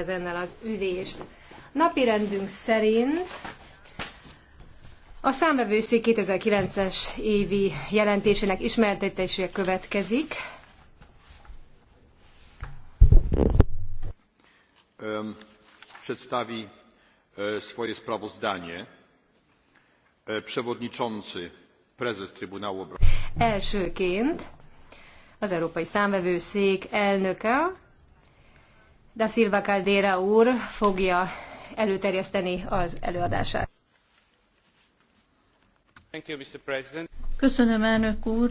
ezennel az ülést. rendünk szerint a számvevőszék 2009-es évi jelentésének ismertetése következik. Um, przedstawi e, swoje sprawozdanie e, przewodniczący prezes Trybunału Elsőként az Európai Számvevőszék elnöke Da Silva Caldera úr fogja előterjeszteni az előadását. Köszönöm, elnök úr.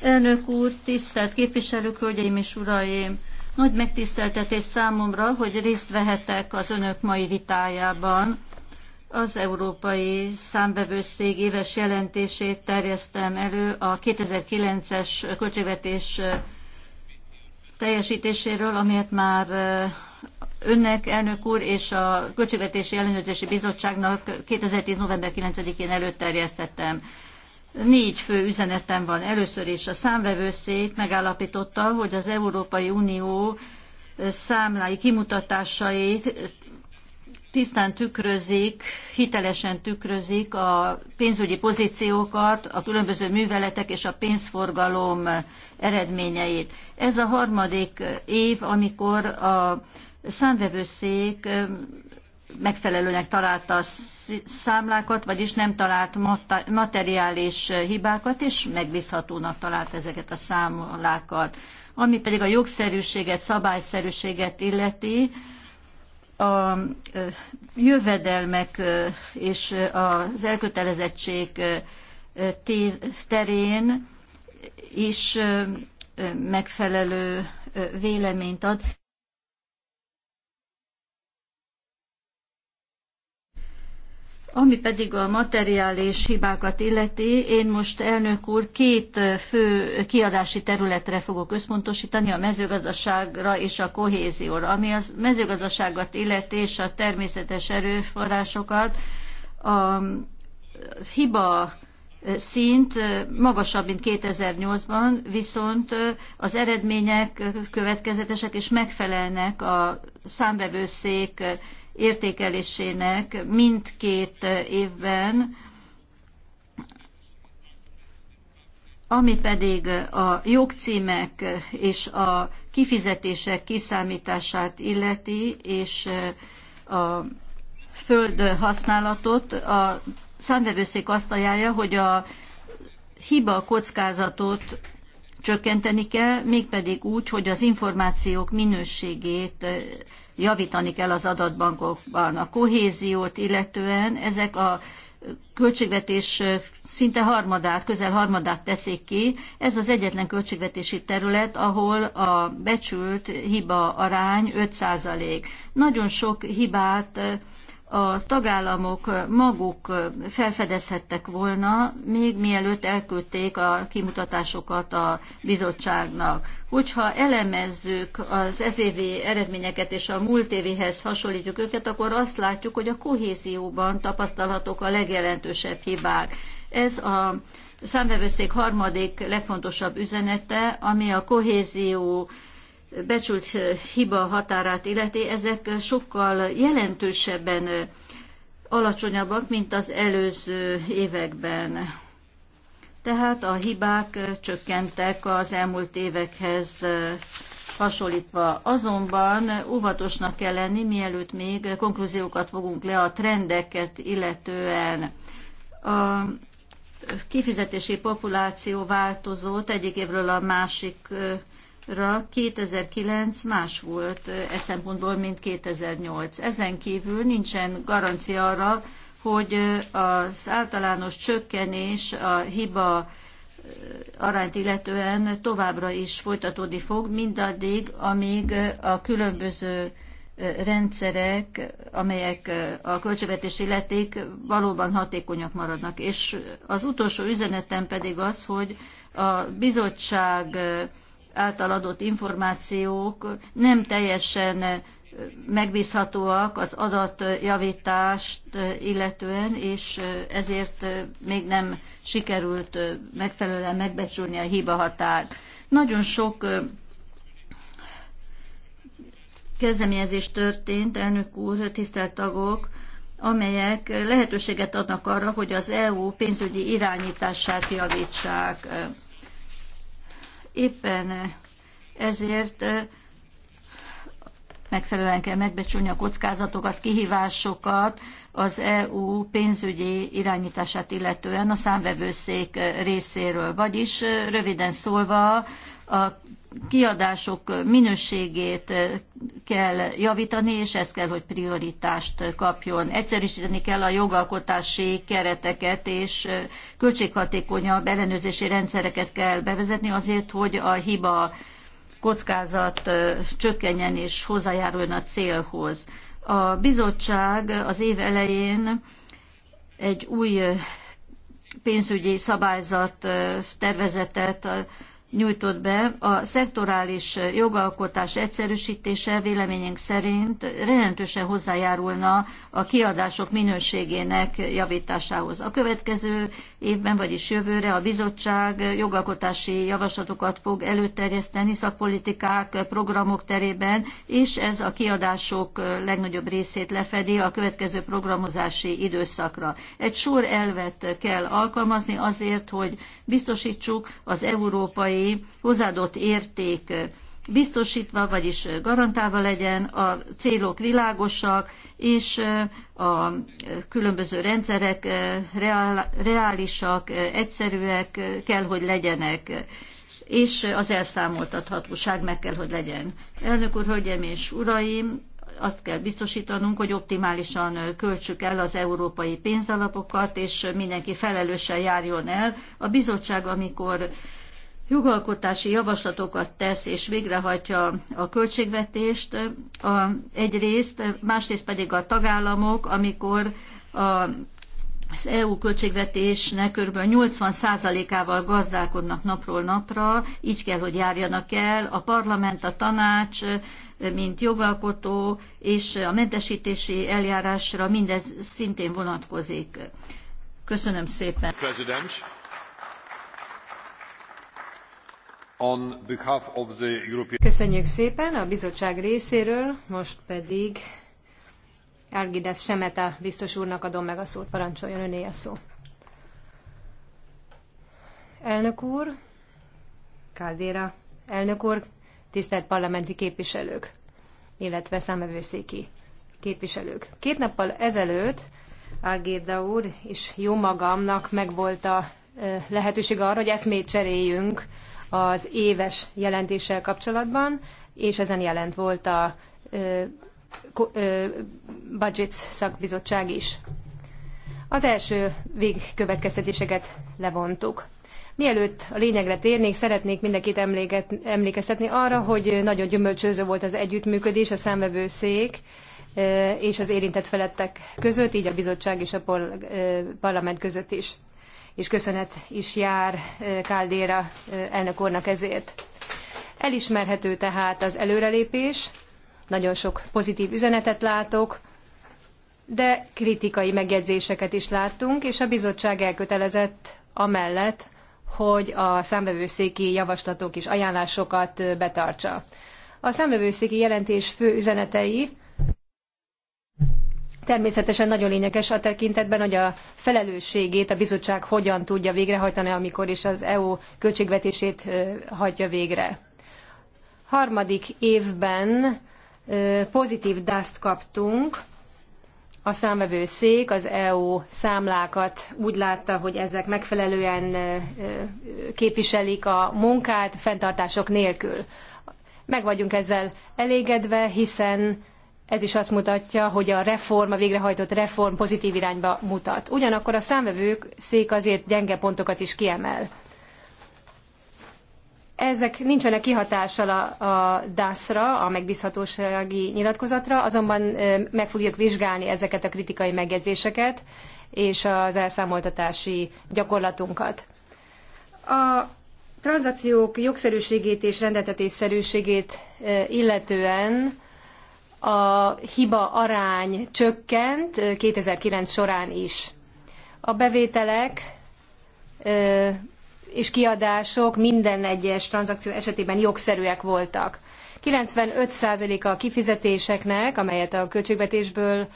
Elnök úr, tisztelt képviselők, hölgyeim és uraim! Nagy megtiszteltetés számomra, hogy részt vehetek az önök mai vitájában. Az Európai Számbevőszék éves jelentését terjesztem elő a 2009-es költségvetés teljesítéséről, amelyet már önnek, elnök úr, és a Költségvetési Ellenőrzési Bizottságnak 2010. november 9-én előterjesztettem. Négy fő üzenetem van. Először is a számvevőszék megállapította, hogy az Európai Unió számlái kimutatásait tisztán tükrözik, hitelesen tükrözik a pénzügyi pozíciókat, a különböző műveletek és a pénzforgalom eredményeit. Ez a harmadik év, amikor a számvevőszék megfelelőnek találta a számlákat, vagyis nem talált materiális hibákat, és megbízhatónak talált ezeket a számlákat. Ami pedig a jogszerűséget, szabályszerűséget illeti, a jövedelmek és az elkötelezettség terén is megfelelő véleményt ad. Ami pedig a materiális hibákat illeti, én most elnök úr két fő kiadási területre fogok összpontosítani, a mezőgazdaságra és a kohézióra. Ami a mezőgazdaságot illeti és a természetes erőforrásokat, a hiba szint magasabb, mint 2008-ban, viszont az eredmények következetesek és megfelelnek a számvevőszék értékelésének mindkét évben, ami pedig a jogcímek és a kifizetések kiszámítását illeti, és a földhasználatot a számvevőszék azt ajánlja, hogy a hiba kockázatot csökkenteni kell, mégpedig úgy, hogy az információk minőségét eh, javítani kell az adatbankokban. A kohéziót illetően ezek a költségvetés eh, szinte harmadát, közel harmadát teszik ki. Ez az egyetlen költségvetési terület, ahol a becsült hiba arány 5%. Nagyon sok hibát eh, a tagállamok maguk felfedezhettek volna, még mielőtt elküldték a kimutatásokat a bizottságnak. Hogyha elemezzük az ezévi eredményeket és a múlt évihez hasonlítjuk őket, akkor azt látjuk, hogy a kohézióban tapasztalhatók a legjelentősebb hibák. Ez a számvevőszék harmadik legfontosabb üzenete, ami a kohézió becsült eh, hiba határát illeti, ezek sokkal jelentősebben eh, alacsonyabbak, mint az előző években. Tehát a hibák eh, csökkentek az elmúlt évekhez hasonlítva. Azonban óvatosnak kell lenni, mielőtt még konklúziókat fogunk le a trendeket illetően. A kifizetési populáció változott egyik évről a másik ra 2009 más volt e szempontból, mint 2008. Ezen kívül nincsen garancia arra, hogy az általános csökkenés a hiba arányt illetően továbbra is folytatódni fog, mindaddig, amíg a különböző rendszerek, amelyek a költségvetés illetik, valóban hatékonyak maradnak. És az utolsó üzenetem pedig az, hogy a bizottság által adott információk nem teljesen megbízhatóak az adatjavítást illetően, és ezért még nem sikerült megfelelően megbecsülni a hiba határt. Nagyon sok kezdeményezés történt, elnök úr, tisztelt tagok, amelyek lehetőséget adnak arra, hogy az EU pénzügyi irányítását javítsák. Éppen ezért megfelelően kell megbecsülni a kockázatokat, kihívásokat az EU pénzügyi irányítását illetően a számvevőszék részéről. Vagyis röviden szólva a kiadások minőségét kell javítani, és ez kell, hogy prioritást kapjon. Egyszerűsíteni kell a jogalkotási kereteket, és költséghatékonyabb ellenőrzési rendszereket kell bevezetni azért, hogy a hiba kockázat csökkenjen és hozzájáruljon a célhoz. A bizottság az év elején egy új pénzügyi szabályzat tervezetet nyújtott be, a szektorális jogalkotás egyszerűsítése véleményünk szerint jelentősen hozzájárulna a kiadások minőségének javításához. A következő évben, vagyis jövőre a bizottság jogalkotási javaslatokat fog előterjeszteni szakpolitikák, programok terében, és ez a kiadások legnagyobb részét lefedi a következő programozási időszakra. Egy sor elvet kell alkalmazni azért, hogy biztosítsuk az európai európai hozzáadott érték biztosítva, vagyis garantálva legyen, a célok világosak, és a különböző rendszerek reálisak, egyszerűek kell, hogy legyenek és az elszámoltathatóság meg kell, hogy legyen. Elnök úr, hölgyeim és uraim, azt kell biztosítanunk, hogy optimálisan költsük el az európai pénzalapokat, és mindenki felelősen járjon el. A bizottság, amikor jogalkotási javaslatokat tesz és végrehajtja a költségvetést a, egyrészt, másrészt pedig a tagállamok, amikor a, az EU költségvetésnek kb. 80%-ával gazdálkodnak napról napra, így kell, hogy járjanak el a parlament, a tanács, mint jogalkotó, és a mentesítési eljárásra mindez szintén vonatkozik. Köszönöm szépen. President. Köszönjük szépen a bizottság részéről, most pedig Árgides Semeta biztos úrnak adom meg a szót, parancsoljon öné a szó. Elnök úr, Kádéra, elnök úr, tisztelt parlamenti képviselők, illetve számvevőszéki képviselők. Két nappal ezelőtt Árgéda úr és jó magamnak megvolt a lehetőség arra, hogy eszmét cseréljünk az éves jelentéssel kapcsolatban, és ezen jelent volt a ö, ö, Budgets szakbizottság is. Az első végkövetkeztetéseket levontuk. Mielőtt a lényegre térnék, szeretnék mindenkit emléket, emlékeztetni arra, hogy nagyon gyümölcsöző volt az együttműködés a számvevőszék és az érintett felettek között, így a bizottság és a parlament között is és köszönet is jár Káldéra elnök úrnak ezért. Elismerhető tehát az előrelépés, nagyon sok pozitív üzenetet látok, de kritikai megjegyzéseket is láttunk, és a bizottság elkötelezett amellett, hogy a számvevőszéki javaslatok és ajánlásokat betartsa. A számvevőszéki jelentés fő üzenetei Természetesen nagyon lényeges a tekintetben, hogy a felelősségét a bizottság hogyan tudja végrehajtani, amikor is az EU költségvetését hagyja végre. Harmadik évben pozitív dust kaptunk, a számvevőszék az EU számlákat úgy látta, hogy ezek megfelelően képviselik a munkát fenntartások nélkül. Meg vagyunk ezzel elégedve, hiszen ez is azt mutatja, hogy a reform, a végrehajtott reform pozitív irányba mutat. Ugyanakkor a számvevők szék azért gyenge pontokat is kiemel. Ezek nincsenek kihatással a, a DAS-ra, a megbízhatósági nyilatkozatra, azonban meg fogjuk vizsgálni ezeket a kritikai megjegyzéseket és az elszámoltatási gyakorlatunkat. A tranzakciók jogszerűségét és rendeltetésszerűségét illetően a hiba arány csökkent 2009 során is. A bevételek és kiadások minden egyes tranzakció esetében jogszerűek voltak. 95%-a a kifizetéseknek, amelyet a költségvetésből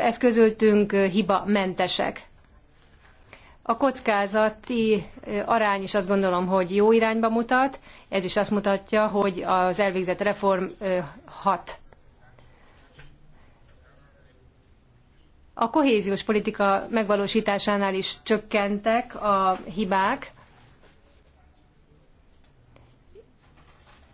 eszközöltünk, hiba mentesek. A kockázati arány is azt gondolom, hogy jó irányba mutat. Ez is azt mutatja, hogy az elvégzett reform hat. A kohéziós politika megvalósításánál is csökkentek a hibák,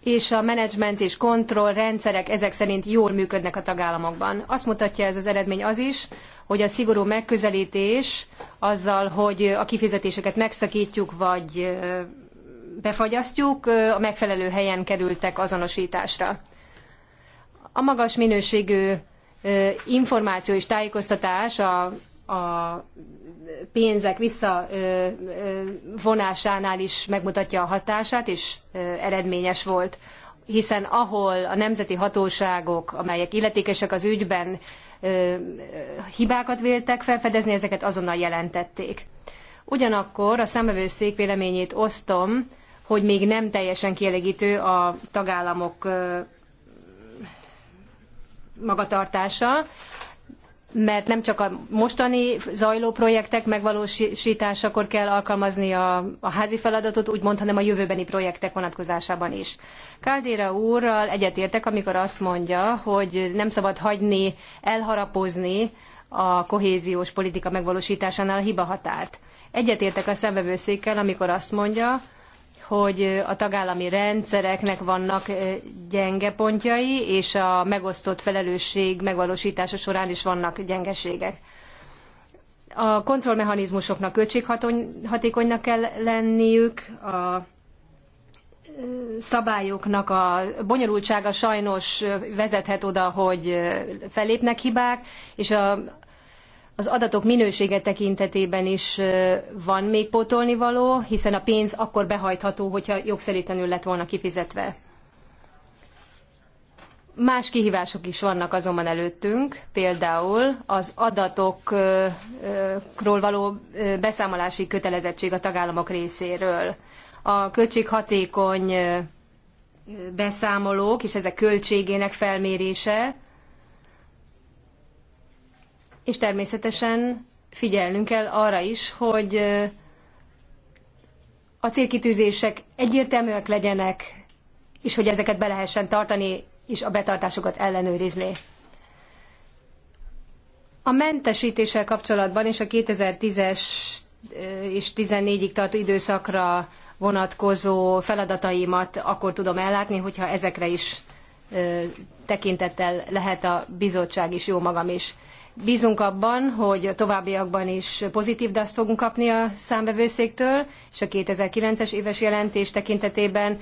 és a menedzsment és kontroll rendszerek ezek szerint jól működnek a tagállamokban. Azt mutatja ez az eredmény az is, hogy a szigorú megközelítés azzal, hogy a kifizetéseket megszakítjuk vagy befagyasztjuk, a megfelelő helyen kerültek azonosításra. A magas minőségű információ és tájékoztatás a a pénzek visszavonásánál is megmutatja a hatását, és eredményes volt, hiszen ahol a nemzeti hatóságok, amelyek illetékesek az ügyben, hibákat véltek felfedezni, ezeket azonnal jelentették. Ugyanakkor a számvevőszék véleményét osztom, hogy még nem teljesen kielégítő a tagállamok magatartása, mert nem csak a mostani zajló projektek megvalósításakor kell alkalmazni a, a házi feladatot, úgymond, hanem a jövőbeni projektek vonatkozásában is. Káldéra úrral egyetértek, amikor azt mondja, hogy nem szabad hagyni, elharapozni a kohéziós politika megvalósításánál a hibahatárt. Egyetértek a szembevőszékkel, amikor azt mondja, hogy a tagállami rendszereknek vannak gyenge pontjai, és a megosztott felelősség megvalósítása során is vannak gyengeségek. A kontrollmechanizmusoknak költséghatékonynak kell lenniük, a szabályoknak a bonyolultsága sajnos vezethet oda, hogy felépnek hibák, és a az adatok minősége tekintetében is van még pótolnivaló, hiszen a pénz akkor behajtható, hogyha jogszerítenül lett volna kifizetve. Más kihívások is vannak azonban előttünk, például az adatokról való beszámolási kötelezettség a tagállamok részéről. A költséghatékony beszámolók és ezek költségének felmérése, és természetesen figyelnünk kell arra is, hogy a célkitűzések egyértelműek legyenek, és hogy ezeket be lehessen tartani, és a betartásokat ellenőrizni. A mentesítéssel kapcsolatban és a 2010-es és 14-ig tartó időszakra vonatkozó feladataimat akkor tudom ellátni, hogyha ezekre is tekintettel lehet a bizottság is, jó magam is. Bízunk abban, hogy a továbbiakban is pozitív DASZ fogunk kapni a számbevőszéktől, és a 2009-es éves jelentés tekintetében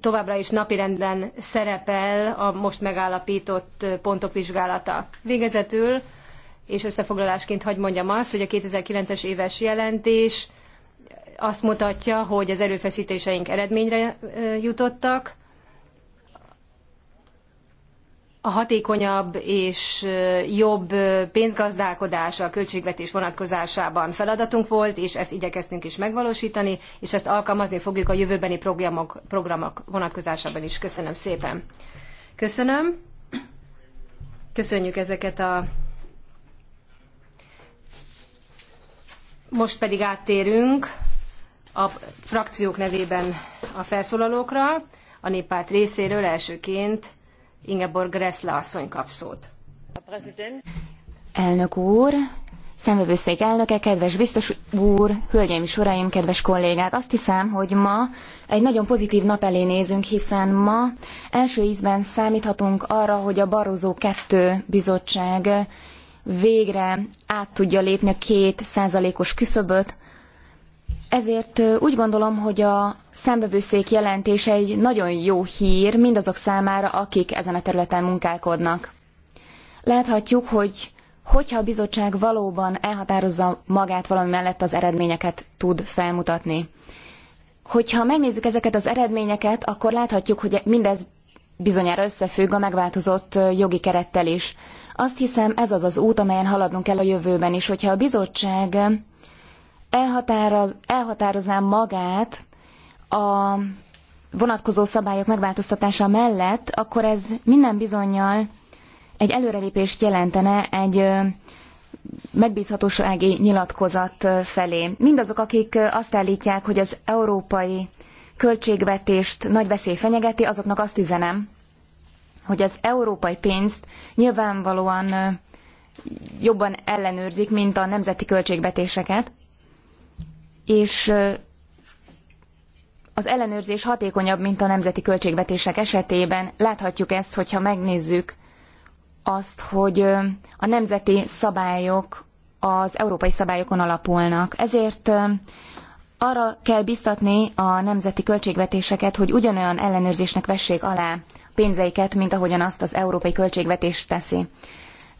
továbbra is napirenden szerepel a most megállapított pontok vizsgálata. Végezetül, és összefoglalásként hagy mondjam azt, hogy a 2009-es éves jelentés azt mutatja, hogy az erőfeszítéseink eredményre jutottak, a hatékonyabb és jobb pénzgazdálkodás a költségvetés vonatkozásában feladatunk volt, és ezt igyekeztünk is megvalósítani, és ezt alkalmazni fogjuk a jövőbeni programok, programok vonatkozásában is. Köszönöm szépen. Köszönöm. Köszönjük ezeket a... Most pedig áttérünk a frakciók nevében a felszólalókra. A néppárt részéről elsőként Ingeborg Gressle asszony kap szót. Elnök úr, szemvevőszék elnöke, kedves biztos úr, hölgyeim és uraim, kedves kollégák! Azt hiszem, hogy ma egy nagyon pozitív nap elé nézünk, hiszen ma első ízben számíthatunk arra, hogy a Barozó 2 bizottság végre át tudja lépni a két százalékos küszöböt, ezért úgy gondolom, hogy a számbevőszék jelentése egy nagyon jó hír mindazok számára, akik ezen a területen munkálkodnak. Láthatjuk, hogy hogyha a bizottság valóban elhatározza magát valami mellett, az eredményeket tud felmutatni. Hogyha megnézzük ezeket az eredményeket, akkor láthatjuk, hogy mindez bizonyára összefügg a megváltozott jogi kerettel is. Azt hiszem, ez az az út, amelyen haladnunk kell a jövőben is, hogyha a bizottság elhatároz, elhatározná magát a vonatkozó szabályok megváltoztatása mellett, akkor ez minden bizonyal egy előrelépést jelentene egy megbízhatósági nyilatkozat felé. Mindazok, akik azt állítják, hogy az európai költségvetést nagy veszély fenyegeti, azoknak azt üzenem, hogy az európai pénzt nyilvánvalóan jobban ellenőrzik, mint a nemzeti költségvetéseket, és az ellenőrzés hatékonyabb, mint a nemzeti költségvetések esetében. Láthatjuk ezt, hogyha megnézzük azt, hogy a nemzeti szabályok az európai szabályokon alapulnak. Ezért arra kell biztatni a nemzeti költségvetéseket, hogy ugyanolyan ellenőrzésnek vessék alá pénzeiket, mint ahogyan azt az európai költségvetés teszi.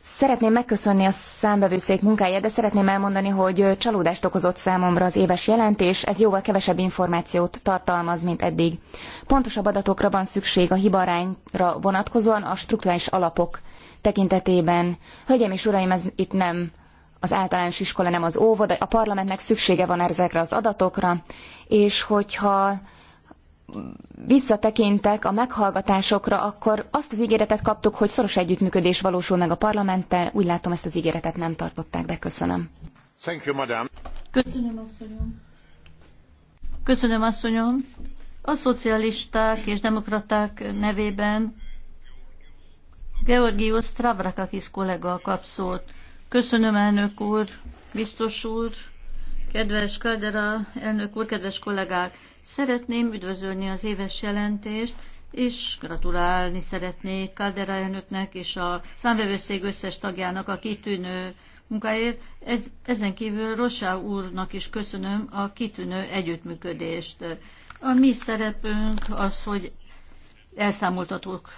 Szeretném megköszönni a számbevőszék munkáját, de szeretném elmondani, hogy csalódást okozott számomra az éves jelentés, ez jóval kevesebb információt tartalmaz, mint eddig. Pontosabb adatokra van szükség a hibarányra vonatkozóan a strukturális alapok tekintetében. Hölgyeim és uraim, ez itt nem az általános iskola, nem az óvoda, a parlamentnek szüksége van ezekre az adatokra, és hogyha visszatekintek a meghallgatásokra, akkor azt az ígéretet kaptuk, hogy szoros együttműködés valósul meg a parlamenttel. Úgy látom, ezt az ígéretet nem tartották be. Köszönöm. Thank you, madam. Köszönöm, asszonyom. Köszönöm, asszonyom. A szocialisták és demokraták nevében Georgios Travrakakis kollega kap szót. Köszönöm, elnök úr, biztos úr, Kedves Caldera elnök úr, kedves kollégák! Szeretném üdvözölni az éves jelentést, és gratulálni szeretnék Caldera elnöknek és a számvevőszék összes tagjának a kitűnő munkáért. Ezen kívül Rosá úrnak is köszönöm a kitűnő együttműködést. A mi szerepünk az, hogy elszámoltatók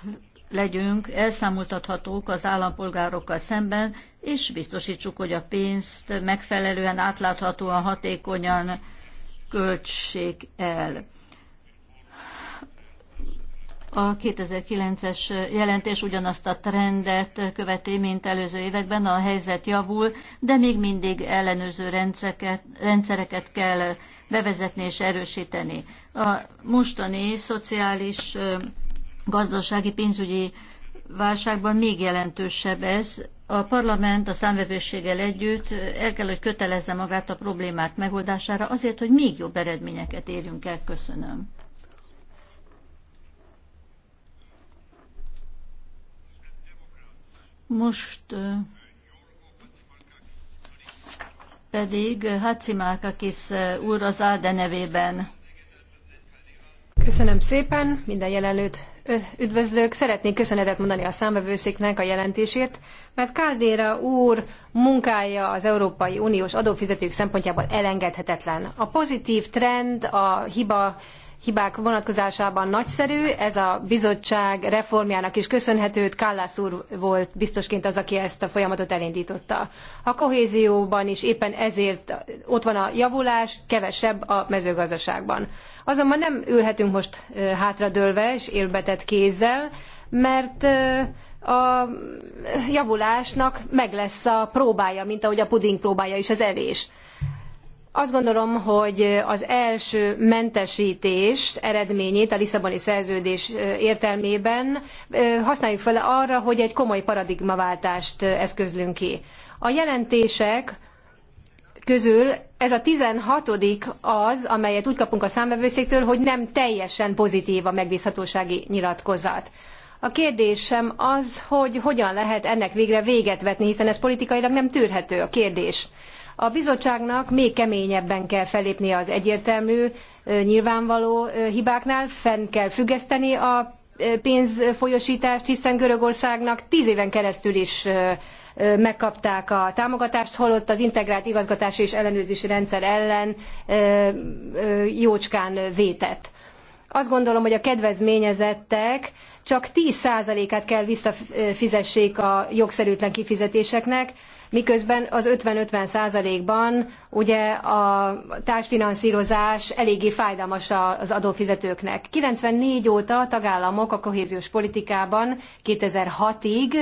legyünk elszámoltathatók az állampolgárokkal szemben, és biztosítsuk, hogy a pénzt megfelelően, átláthatóan, hatékonyan költsék el. A 2009-es jelentés ugyanazt a trendet követi, mint előző években, a helyzet javul, de még mindig ellenőrző rendszereket, rendszereket kell bevezetni és erősíteni. A mostani szociális gazdasági pénzügyi válságban még jelentősebb ez. A parlament a számvevőséggel együtt el kell, hogy kötelezze magát a problémák megoldására azért, hogy még jobb eredményeket érjünk el. Köszönöm. Most pedig Hatsimákakis úr az Áde nevében. Köszönöm szépen minden jelenlőt üdvözlök. Szeretnék köszönetet mondani a számbevőszéknek a jelentésért, mert Káldéra úr munkája az Európai Uniós adófizetők szempontjából elengedhetetlen. A pozitív trend a hiba hibák vonatkozásában nagyszerű, ez a bizottság reformjának is köszönhető, Kállász úr volt biztosként az, aki ezt a folyamatot elindította. A kohézióban is éppen ezért ott van a javulás, kevesebb a mezőgazdaságban. Azonban nem ülhetünk most hátradőlve és élbetett kézzel, mert a javulásnak meg lesz a próbája, mint ahogy a puding próbája is az evés. Azt gondolom, hogy az első mentesítést, eredményét a Lisszaboni szerződés értelmében használjuk fel arra, hogy egy komoly paradigmaváltást eszközlünk ki. A jelentések közül ez a 16. az, amelyet úgy kapunk a számvevőszéktől, hogy nem teljesen pozitív a megbízhatósági nyilatkozat. A kérdésem az, hogy hogyan lehet ennek végre véget vetni, hiszen ez politikailag nem tűrhető a kérdés. A bizottságnak még keményebben kell felépnie az egyértelmű, nyilvánvaló hibáknál, fenn kell függeszteni a pénzfolyosítást, hiszen Görögországnak tíz éven keresztül is megkapták a támogatást, holott az integrált igazgatási és ellenőrzési rendszer ellen jócskán vétett. Azt gondolom, hogy a kedvezményezettek csak 10%-át kell visszafizessék a jogszerűtlen kifizetéseknek, miközben az 50-50 százalékban ugye a társfinanszírozás eléggé fájdalmas az adófizetőknek. 94 óta a tagállamok a kohéziós politikában 2006-ig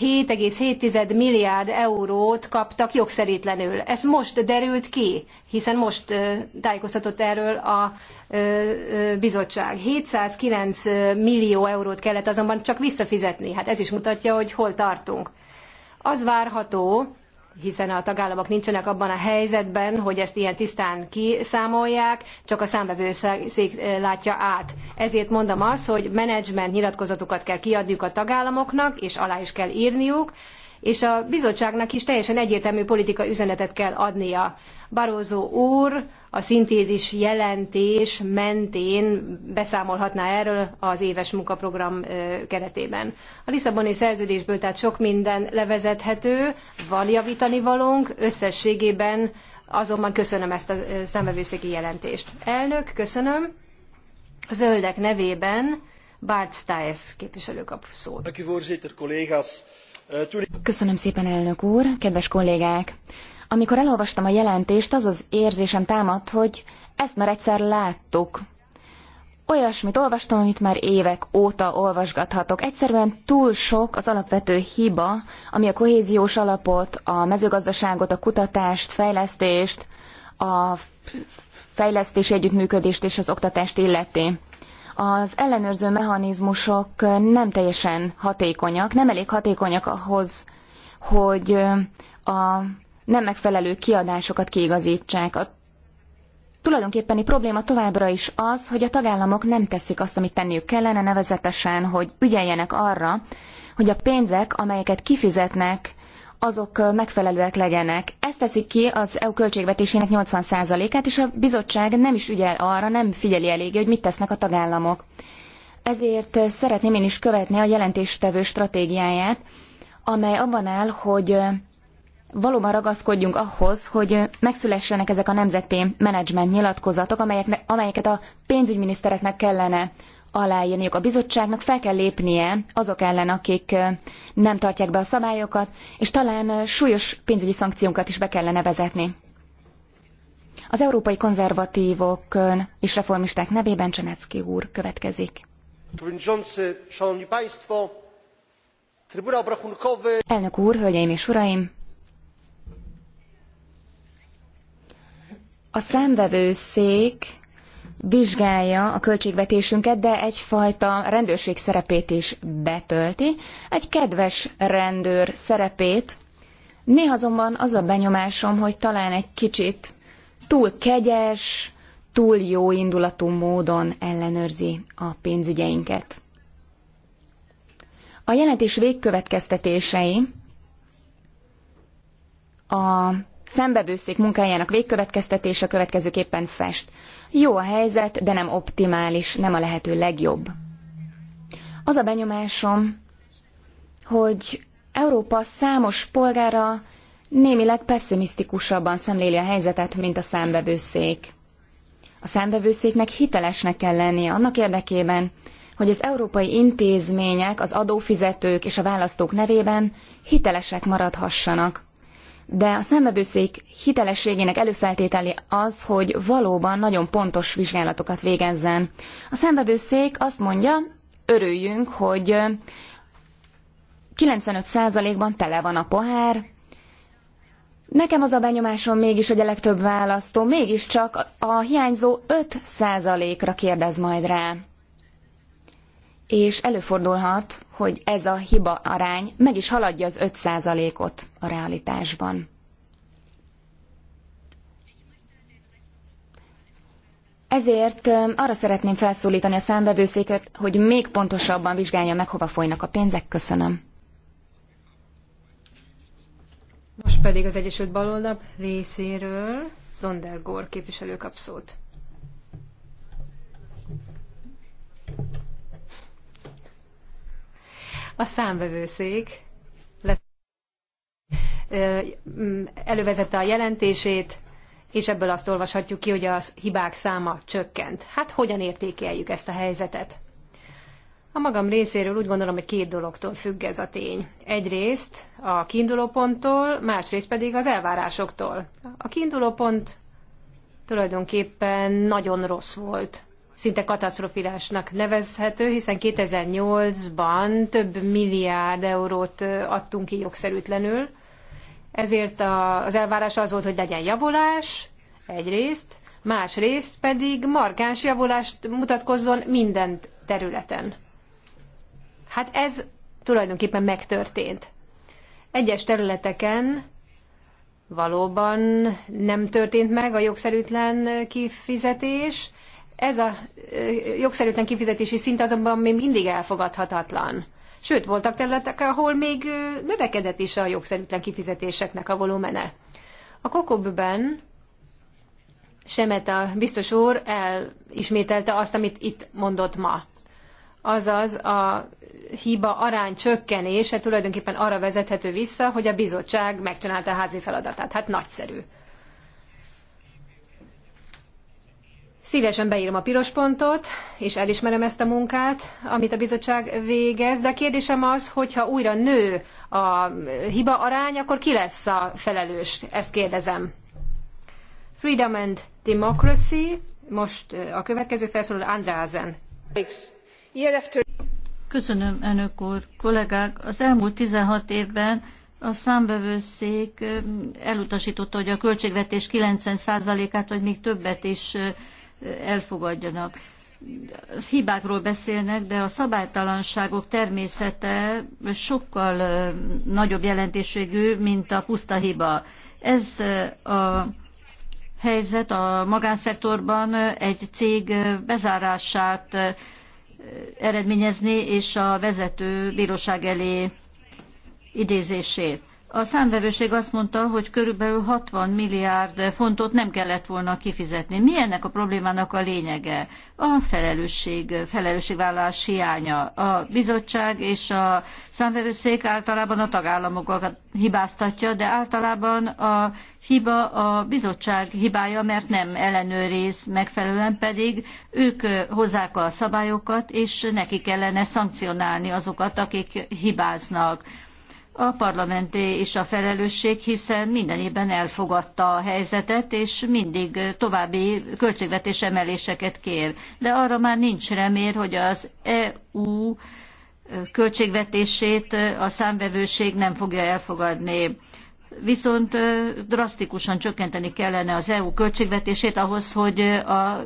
7,7 milliárd eurót kaptak jogszerítlenül. Ez most derült ki, hiszen most tájékoztatott erről a bizottság. 709 millió eurót kellett azonban csak visszafizetni. Hát ez is mutatja, hogy hol tartunk. Az várható, hiszen a tagállamok nincsenek abban a helyzetben, hogy ezt ilyen tisztán kiszámolják, csak a számbevőszék látja át. Ezért mondom azt, hogy menedzsment nyilatkozatokat kell kiadniuk a tagállamoknak, és alá is kell írniuk, és a bizottságnak is teljesen egyértelmű politikai üzenetet kell adnia. Barózó úr a szintézis jelentés mentén beszámolhatná erről az éves munkaprogram keretében. A Lisszaboni szerződésből tehát sok minden levezethető, van javítani valónk, összességében azonban köszönöm ezt a számbevőszéki jelentést. Elnök, köszönöm. A zöldek nevében Bart Stiles képviselő kap szót. Eh, köszönöm szépen, elnök úr, kedves kollégák! Amikor elolvastam a jelentést, az az érzésem támadt, hogy ezt már egyszer láttuk. Olyasmit olvastam, amit már évek óta olvasgathatok. Egyszerűen túl sok az alapvető hiba, ami a kohéziós alapot, a mezőgazdaságot, a kutatást, fejlesztést, a fejlesztési együttműködést és az oktatást illeti. Az ellenőrző mechanizmusok nem teljesen hatékonyak, nem elég hatékonyak ahhoz, hogy a nem megfelelő kiadásokat kiigazítsák. A tulajdonképpeni probléma továbbra is az, hogy a tagállamok nem teszik azt, amit tenniük kellene, nevezetesen, hogy ügyeljenek arra, hogy a pénzek, amelyeket kifizetnek, azok megfelelőek legyenek. Ez teszik ki az EU költségvetésének 80%-át, és a bizottság nem is ügyel arra, nem figyeli eléggé, hogy mit tesznek a tagállamok. Ezért szeretném én is követni a jelentéstevő stratégiáját, amely abban áll, hogy valóban ragaszkodjunk ahhoz, hogy megszülessenek ezek a nemzeti menedzsment nyilatkozatok, amelyek, amelyeket a pénzügyminisztereknek kellene aláírniuk. A bizottságnak fel kell lépnie azok ellen, akik nem tartják be a szabályokat, és talán súlyos pénzügyi szankciókat is be kellene vezetni. Az európai konzervatívok és reformisták nevében Csenecki úr következik. Elnök úr, hölgyeim és uraim! A szék vizsgálja a költségvetésünket, de egyfajta rendőrség szerepét is betölti, egy kedves rendőr szerepét. Néha azonban az a benyomásom, hogy talán egy kicsit túl kegyes, túl jó indulatú módon ellenőrzi a pénzügyeinket. A jelentés végkövetkeztetései a szembebőszék munkájának végkövetkeztetése következőképpen fest. Jó a helyzet, de nem optimális, nem a lehető legjobb. Az a benyomásom, hogy Európa számos polgára némileg pessimisztikusabban szemléli a helyzetet, mint a számbevőszék. A számbevőszéknek hitelesnek kell lennie annak érdekében, hogy az európai intézmények az adófizetők és a választók nevében hitelesek maradhassanak de a számbevőszék hitelességének előfeltételi az, hogy valóban nagyon pontos vizsgálatokat végezzen. A számbevőszék azt mondja, örüljünk, hogy 95%-ban tele van a pohár, Nekem az a benyomásom mégis, hogy a legtöbb választó mégiscsak a hiányzó 5%-ra kérdez majd rá és előfordulhat, hogy ez a hiba arány meg is haladja az 5%-ot a realitásban. Ezért arra szeretném felszólítani a számbevőszéket, hogy még pontosabban vizsgálja meg, hova folynak a pénzek. Köszönöm. Most pedig az Egyesült Baloldal részéről Zondergór képviselő kap szót. A számvevőszék elővezette a jelentését, és ebből azt olvashatjuk ki, hogy a hibák száma csökkent. Hát hogyan értékeljük ezt a helyzetet? A magam részéről úgy gondolom, hogy két dologtól függ ez a tény. Egyrészt a kiindulóponttól, másrészt pedig az elvárásoktól. A kiindulópont tulajdonképpen nagyon rossz volt szinte katasztrofilásnak nevezhető, hiszen 2008-ban több milliárd eurót adtunk ki jogszerűtlenül, ezért az elvárás az volt, hogy legyen javulás, egyrészt, másrészt pedig markáns javulást mutatkozzon minden területen. Hát ez tulajdonképpen megtörtént. Egyes területeken valóban nem történt meg a jogszerűtlen kifizetés, ez a jogszerűtlen kifizetési szint azonban még mindig elfogadhatatlan. Sőt, voltak területek, ahol még növekedett is a jogszerűtlen kifizetéseknek a volumene. A kokobben Semeta biztos úr elismételte azt, amit itt mondott ma. Azaz a hiba arány csökkenése hát tulajdonképpen arra vezethető vissza, hogy a bizottság megcsinálta a házi feladatát. Hát nagyszerű. Szívesen beírom a piros pontot, és elismerem ezt a munkát, amit a bizottság végez, de a kérdésem az, hogyha újra nő a hiba arány, akkor ki lesz a felelős? Ezt kérdezem. Freedom and Democracy, most a következő felszólaló Andrázen. Köszönöm, elnök úr, kollégák. Az elmúlt 16 évben a számbevőszék elutasította, hogy a költségvetés 90%-át, vagy még többet is elfogadjanak. Hibákról beszélnek, de a szabálytalanságok természete sokkal nagyobb jelentőségű, mint a puszta hiba. Ez a helyzet a magánszektorban egy cég bezárását eredményezni, és a vezető bíróság elé idézését. A számvevőség azt mondta, hogy körülbelül 60 milliárd fontot nem kellett volna kifizetni. Mi ennek a problémának a lényege? A felelősség, felelősségvállalás hiánya. A bizottság és a számvevőszék általában a tagállamokat hibáztatja, de általában a hiba a bizottság hibája, mert nem ellenőriz megfelelően, pedig ők hozzák a szabályokat, és neki kellene szankcionálni azokat, akik hibáznak a parlamenté is a felelősség, hiszen minden évben elfogadta a helyzetet, és mindig további költségvetés emeléseket kér. De arra már nincs remér, hogy az EU költségvetését a számvevőség nem fogja elfogadni. Viszont drasztikusan csökkenteni kellene az EU költségvetését ahhoz, hogy a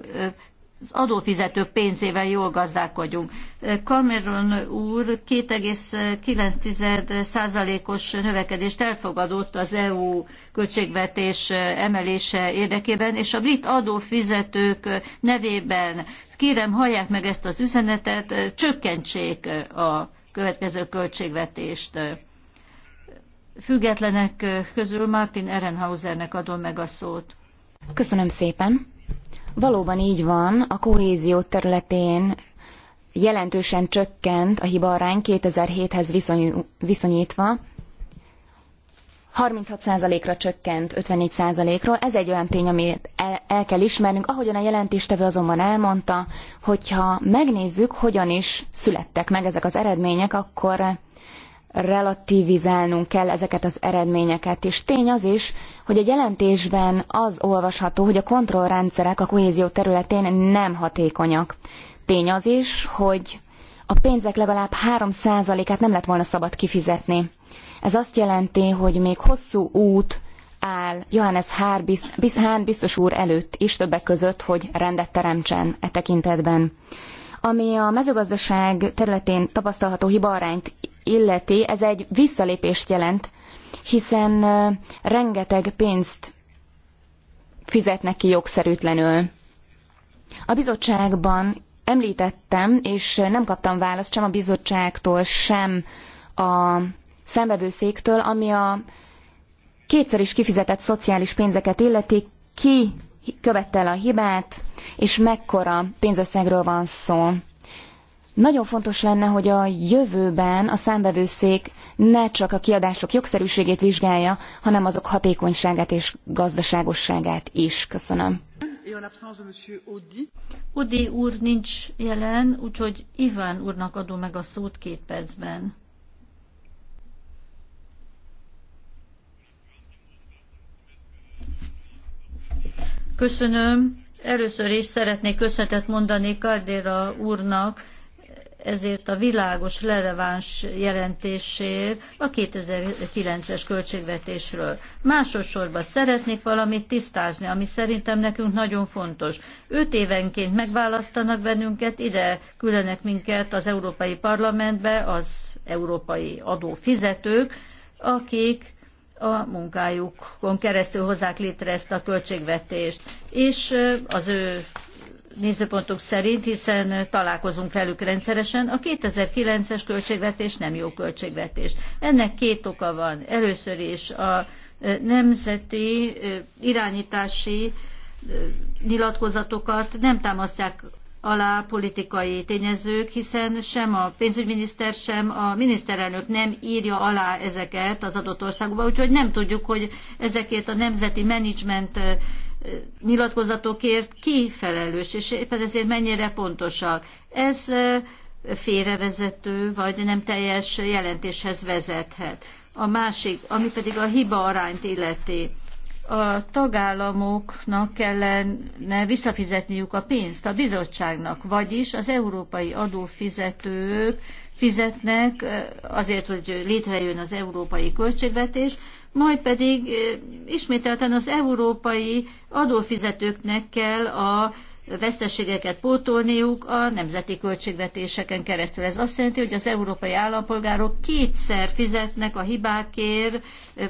adófizetők pénzével jól gazdálkodjunk. Cameron úr 2,9%-os növekedést elfogadott az EU költségvetés emelése érdekében, és a brit adófizetők nevében kérem, hallják meg ezt az üzenetet, csökkentsék a következő költségvetést. Függetlenek közül Martin Ehrenhausernek adom meg a szót. Köszönöm szépen. Valóban így van, a kohézió területén jelentősen csökkent a arány 2007-hez viszony, viszonyítva, 36%-ra csökkent 54%-ról. Ez egy olyan tény, amit el, el kell ismernünk. Ahogyan a jelentéstevő azonban elmondta, hogyha megnézzük, hogyan is születtek meg ezek az eredmények, akkor relativizálnunk kell ezeket az eredményeket. És tény az is, hogy a jelentésben az olvasható, hogy a kontrollrendszerek a kohézió területén nem hatékonyak. Tény az is, hogy a pénzek legalább 3%-át nem lett volna szabad kifizetni. Ez azt jelenti, hogy még hosszú út áll Johannes Hahn biztos úr előtt is többek között, hogy rendet teremtsen e tekintetben. Ami a mezőgazdaság területén tapasztalható hibaarányt illeti, ez egy visszalépést jelent, hiszen rengeteg pénzt fizetnek ki jogszerűtlenül. A bizottságban említettem, és nem kaptam választ sem a bizottságtól, sem a szembevőszéktől, ami a kétszer is kifizetett szociális pénzeket illeti, ki követte el a hibát, és mekkora pénzösszegről van szó. Nagyon fontos lenne, hogy a jövőben a számbevőszék ne csak a kiadások jogszerűségét vizsgálja, hanem azok hatékonyságát és gazdaságosságát is. Köszönöm. Odi úr nincs jelen, úgyhogy Iván úrnak adom meg a szót két percben. Köszönöm. Először is szeretnék köszönetet mondani Kardéra úrnak, ezért a világos, releváns jelentésért a 2009-es költségvetésről. Másodszorban szeretnék valamit tisztázni, ami szerintem nekünk nagyon fontos. Öt évenként megválasztanak bennünket, ide küldenek minket az Európai Parlamentbe az európai adófizetők, akik a munkájukon keresztül hozzák létre ezt a költségvetést, és az ő nézőpontok szerint, hiszen találkozunk velük rendszeresen. A 2009-es költségvetés nem jó költségvetés. Ennek két oka van. Először is a nemzeti irányítási nyilatkozatokat nem támasztják alá politikai tényezők, hiszen sem a pénzügyminiszter, sem a miniszterelnök nem írja alá ezeket az adott országokba, úgyhogy nem tudjuk, hogy ezekért a nemzeti menedzsment nyilatkozatokért ki felelős, és éppen ezért mennyire pontosak. Ez félrevezető, vagy nem teljes jelentéshez vezethet. A másik, ami pedig a hiba arányt illeti. A tagállamoknak kellene visszafizetniük a pénzt a bizottságnak, vagyis az európai adófizetők fizetnek azért, hogy létrejön az európai költségvetés, majd pedig ismételten az európai adófizetőknek kell a veszteségeket pótolniuk a nemzeti költségvetéseken keresztül. Ez azt jelenti, hogy az európai állampolgárok kétszer fizetnek a hibákért,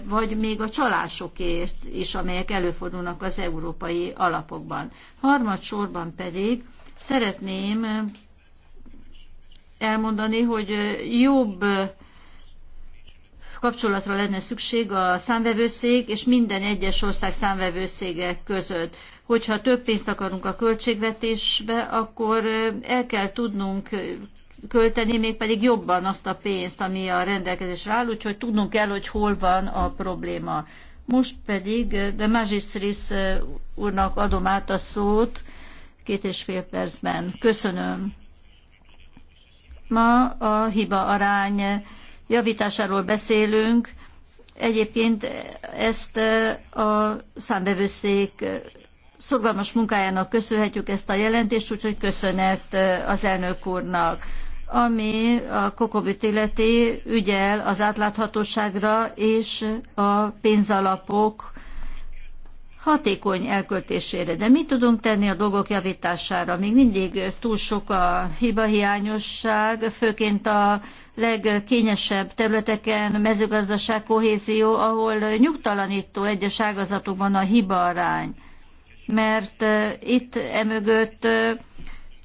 vagy még a csalásokért is, amelyek előfordulnak az európai alapokban. Harmadsorban pedig szeretném elmondani, hogy jobb kapcsolatra lenne szükség a számvevőszék és minden egyes ország számvevőszége között. Hogyha több pénzt akarunk a költségvetésbe, akkor el kell tudnunk költeni, mégpedig jobban azt a pénzt, ami a rendelkezésre áll, úgyhogy tudnunk kell, hogy hol van a probléma. Most pedig de Magistris úrnak adom át a szót két és fél percben. Köszönöm. Ma a hiba arány javításáról beszélünk. Egyébként ezt a számbevőszék szorgalmas munkájának köszönhetjük ezt a jelentést, úgyhogy köszönet az elnök úrnak ami a kokobüt illeti ügyel az átláthatóságra és a pénzalapok hatékony elköltésére. De mit tudunk tenni a dolgok javítására? Még mindig túl sok a hibahiányosság, főként a legkényesebb területeken, mezőgazdaság, kohézió, ahol nyugtalanító egyes ágazatokban a hiba arány. Mert itt emögött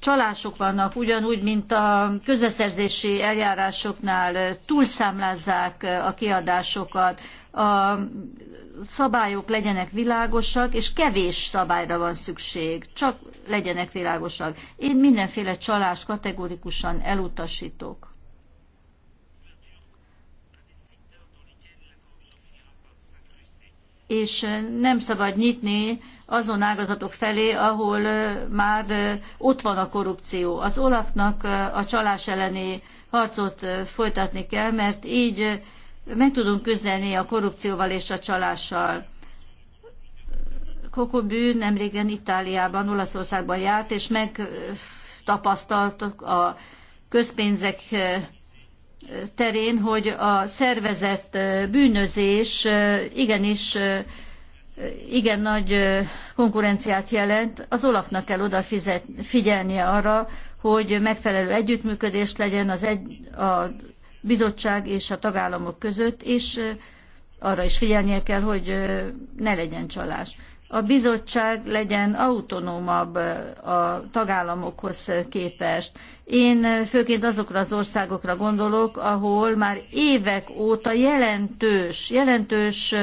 csalások vannak, ugyanúgy, mint a közbeszerzési eljárásoknál túlszámlázzák a kiadásokat, a szabályok legyenek világosak, és kevés szabályra van szükség, csak legyenek világosak. Én mindenféle csalást kategorikusan elutasítok. És nem szabad nyitni azon ágazatok felé, ahol már ott van a korrupció. Az Olafnak a csalás elleni harcot folytatni kell, mert így meg tudunk küzdeni a korrupcióval és a csalással. koko Kokobű nemrégen Itáliában, Olaszországban járt, és megtapasztaltuk a közpénzek terén, hogy a szervezett bűnözés igenis igen nagy konkurenciát jelent. Az Olafnak kell odafigyelnie arra, hogy megfelelő együttműködés legyen az egy, a bizottság és a tagállamok között, és arra is figyelnie kell, hogy ne legyen csalás. A bizottság legyen autonómabb a tagállamokhoz képest. Én főként azokra az országokra gondolok, ahol már évek óta jelentős, jelentős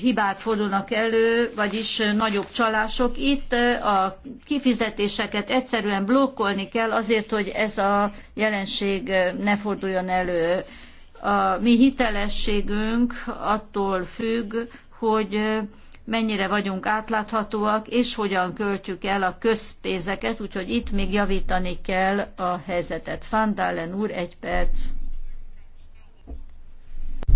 hibák fordulnak elő, vagyis nagyobb csalások. Itt a kifizetéseket egyszerűen blokkolni kell azért, hogy ez a jelenség ne forduljon elő. A mi hitelességünk attól függ, hogy mennyire vagyunk átláthatóak, és hogyan költjük el a közpénzeket, úgyhogy itt még javítani kell a helyzetet. Fandalen úr, egy perc.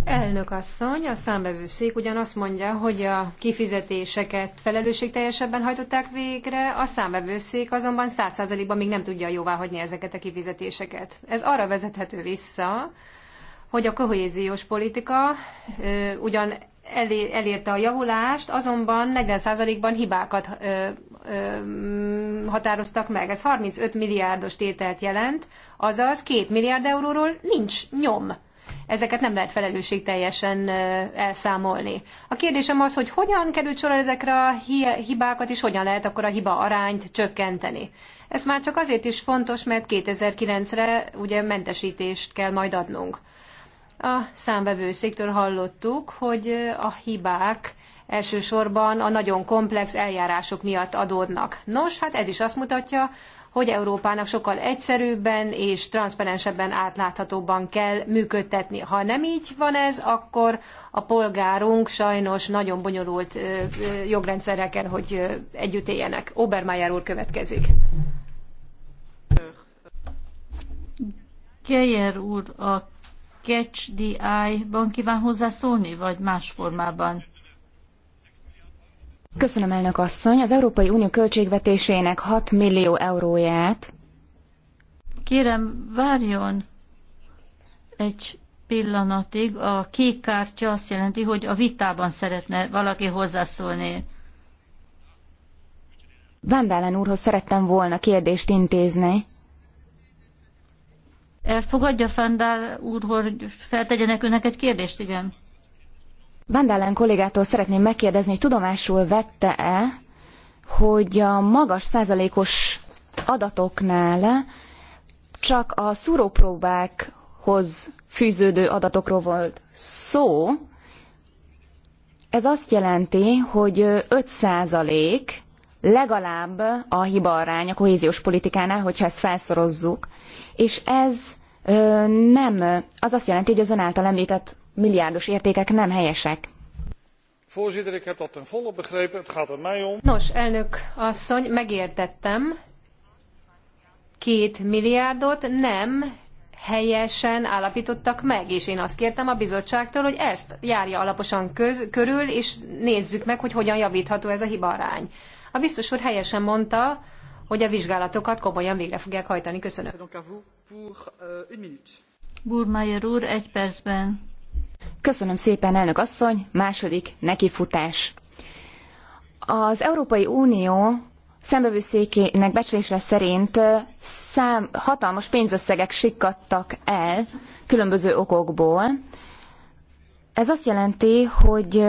Elnök asszony, a számbevőszék ugyanazt mondja, hogy a kifizetéseket felelősségteljesebben hajtották végre, a számbevőszék azonban 100%-ban még nem tudja jóváhagyni ezeket a kifizetéseket. Ez arra vezethető vissza, hogy a kohéziós politika ö, ugyan elérte a javulást, azonban 40%-ban hibákat ö, ö, határoztak meg. Ez 35 milliárdos tételt jelent, azaz 2 milliárd euróról nincs nyom ezeket nem lehet felelősségteljesen elszámolni. A kérdésem az, hogy hogyan került sor ezekre a hibákat, és hogyan lehet akkor a hiba arányt csökkenteni. Ez már csak azért is fontos, mert 2009-re ugye mentesítést kell majd adnunk. A számvevőszéktől hallottuk, hogy a hibák elsősorban a nagyon komplex eljárások miatt adódnak. Nos, hát ez is azt mutatja, hogy Európának sokkal egyszerűbben és transzparensebben átláthatóban kell működtetni. Ha nem így van ez, akkor a polgárunk sajnos nagyon bonyolult jogrendszerrel kell, hogy együtt éljenek. Obermeyer úr következik. Geyer úr a Catch the Eye-ban kíván hozzászólni, vagy más formában? Köszönöm, elnök asszony. Az Európai Unió költségvetésének 6 millió euróját. Kérem, várjon egy pillanatig. A kék kártya azt jelenti, hogy a vitában szeretne valaki hozzászólni. Vandálen úrhoz szerettem volna kérdést intézni. Elfogadja Fandál úr, hogy feltegyenek önnek egy kérdést, igen? Vandálán kollégától szeretném megkérdezni, hogy tudomásul vette-e, hogy a magas százalékos adatoknál csak a szúrópróbákhoz fűződő adatokról volt szó. Ez azt jelenti, hogy 5 százalék legalább a hibaarány a kohéziós politikánál, hogyha ezt felszorozzuk. És ez nem, az azt jelenti, hogy az ön által említett milliárdos értékek nem helyesek. Voorzitter, ik heb dat ten volle begrepen. Het gaat er mij om. Nos, elnök asszony, megértettem. Két milliárdot nem helyesen állapítottak meg, és én azt kértem a bizottságtól, hogy ezt járja alaposan köz, körül, és nézzük meg, hogy hogyan javítható ez a hibarány. A biztos úr helyesen mondta, hogy a vizsgálatokat komolyan végre fogják hajtani. Köszönöm. Euh, Burmeier úr, egy percben. Köszönöm szépen, elnök asszony, második nekifutás. Az Európai Unió szembevőszékének becslése szerint szám, hatalmas pénzösszegek sikkadtak el különböző okokból. Ez azt jelenti, hogy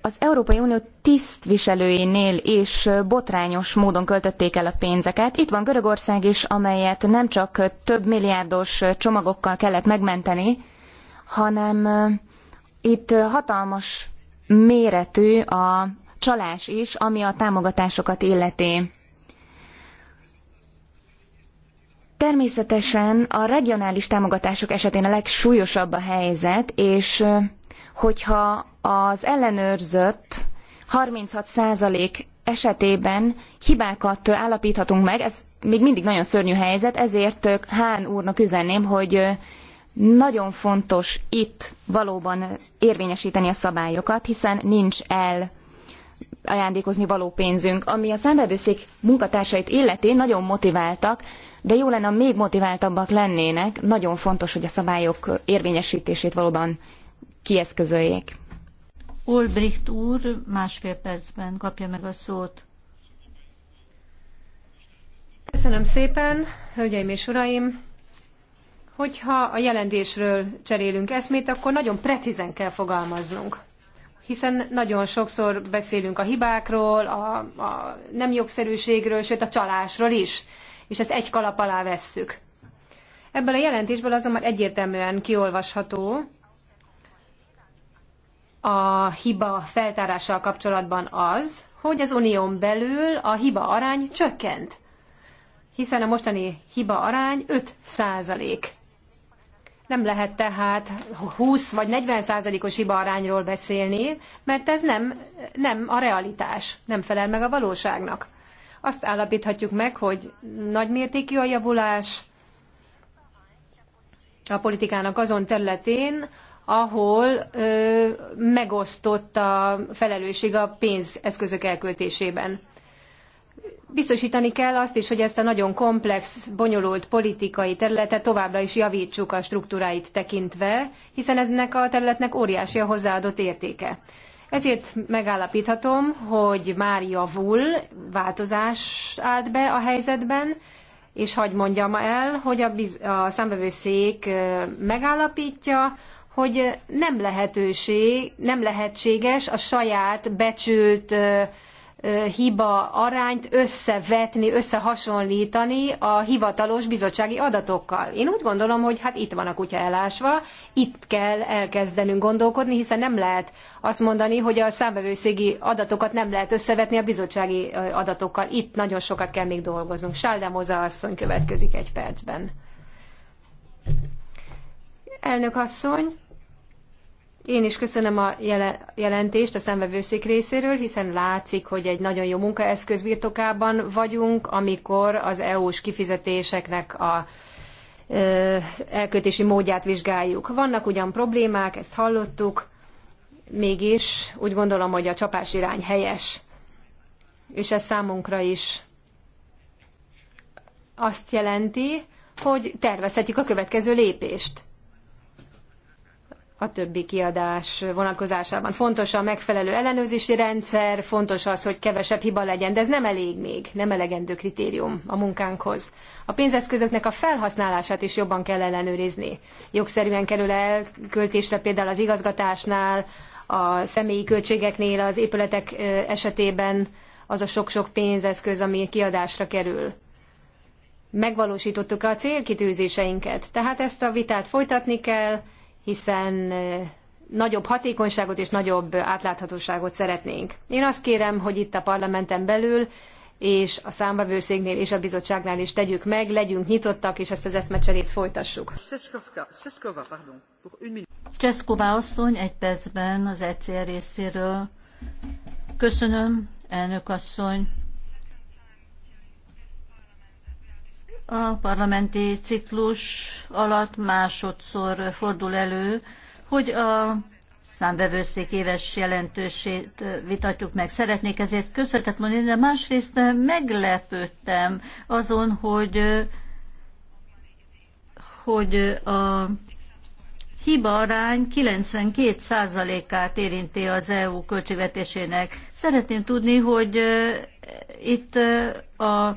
az Európai Unió tisztviselőinél is botrányos módon költötték el a pénzeket. Itt van Görögország is, amelyet nem csak több milliárdos csomagokkal kellett megmenteni, hanem itt hatalmas méretű a csalás is, ami a támogatásokat illeti. Természetesen a regionális támogatások esetén a legsúlyosabb a helyzet, és hogyha az ellenőrzött 36% esetében hibákat állapíthatunk meg, ez még mindig nagyon szörnyű helyzet, ezért Hán úrnak üzenném, hogy nagyon fontos itt valóban érvényesíteni a szabályokat, hiszen nincs el ajándékozni való pénzünk, ami a számbevőszék munkatársait illeti nagyon motiváltak, de jó lenne, még motiváltabbak lennének. Nagyon fontos, hogy a szabályok érvényesítését valóban kieszközöljék. Olbricht úr másfél percben kapja meg a szót. Köszönöm szépen, hölgyeim és uraim! hogyha a jelentésről cserélünk eszmét, akkor nagyon precízen kell fogalmaznunk. Hiszen nagyon sokszor beszélünk a hibákról, a, a nem jogszerűségről, sőt a csalásról is, és ezt egy kalap alá vesszük. Ebből a jelentésből azonban egyértelműen kiolvasható a hiba feltárással kapcsolatban az, hogy az unión belül a hiba arány csökkent hiszen a mostani hiba arány 5 százalék. Nem lehet tehát 20 vagy 40 százalékos hibaarányról beszélni, mert ez nem, nem a realitás, nem felel meg a valóságnak. Azt állapíthatjuk meg, hogy nagymértékű a javulás a politikának azon területén, ahol ö, megosztott a felelősség a pénzeszközök elköltésében biztosítani kell azt is, hogy ezt a nagyon komplex, bonyolult politikai területet továbbra is javítsuk a struktúráit tekintve, hiszen ennek a területnek óriási a hozzáadott értéke. Ezért megállapíthatom, hogy már javul, változás állt be a helyzetben, és hagy mondjam el, hogy a, biz- a számbevőszék megállapítja, hogy nem lehetőség, nem lehetséges a saját becsült hiba arányt összevetni, összehasonlítani a hivatalos bizottsági adatokkal. Én úgy gondolom, hogy hát itt van a kutya elásva, itt kell elkezdenünk gondolkodni, hiszen nem lehet azt mondani, hogy a számbevőszégi adatokat nem lehet összevetni a bizottsági adatokkal. Itt nagyon sokat kell még dolgoznunk. Sáldemoza asszony következik egy percben. Elnök asszony, én is köszönöm a jelentést a szemvevőszék részéről, hiszen látszik, hogy egy nagyon jó munkaeszköz birtokában vagyunk, amikor az EU-s kifizetéseknek a elkötési módját vizsgáljuk. Vannak ugyan problémák, ezt hallottuk, mégis úgy gondolom, hogy a csapás irány helyes, és ez számunkra is azt jelenti, hogy tervezhetjük a következő lépést a többi kiadás vonatkozásában. Fontos a megfelelő ellenőrzési rendszer, fontos az, hogy kevesebb hiba legyen, de ez nem elég még, nem elegendő kritérium a munkánkhoz. A pénzeszközöknek a felhasználását is jobban kell ellenőrizni. Jogszerűen kerül költésre például az igazgatásnál, a személyi költségeknél, az épületek esetében az a sok-sok pénzeszköz, ami kiadásra kerül megvalósítottuk a célkitűzéseinket. Tehát ezt a vitát folytatni kell, hiszen nagyobb hatékonyságot és nagyobb átláthatóságot szeretnénk. Én azt kérem, hogy itt a parlamenten belül és a számbevőszéknél és a bizottságnál is tegyük meg, legyünk nyitottak, és ezt az eszmecserét folytassuk. Cseszková asszony egy percben az ECR részéről. Köszönöm, elnök asszony. a parlamenti ciklus alatt másodszor fordul elő, hogy a számvevőszék éves jelentősét vitatjuk meg. Szeretnék ezért köszönetet mondani, de másrészt meglepődtem azon, hogy, hogy a hiba arány 92%-át érinti az EU költségvetésének. Szeretném tudni, hogy eh, itt eh, a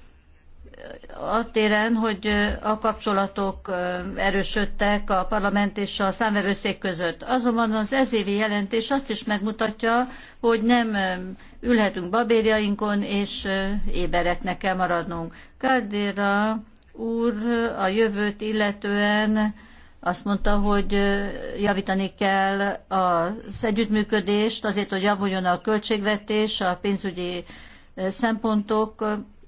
a téren, hogy a kapcsolatok erősödtek a parlament és a számvevőszék között. Azonban az évi jelentés azt is megmutatja, hogy nem ülhetünk babérjainkon, és ébereknek kell maradnunk. Kárdéra úr a jövőt illetően azt mondta, hogy javítani kell az együttműködést azért, hogy javuljon a költségvetés, a pénzügyi szempontok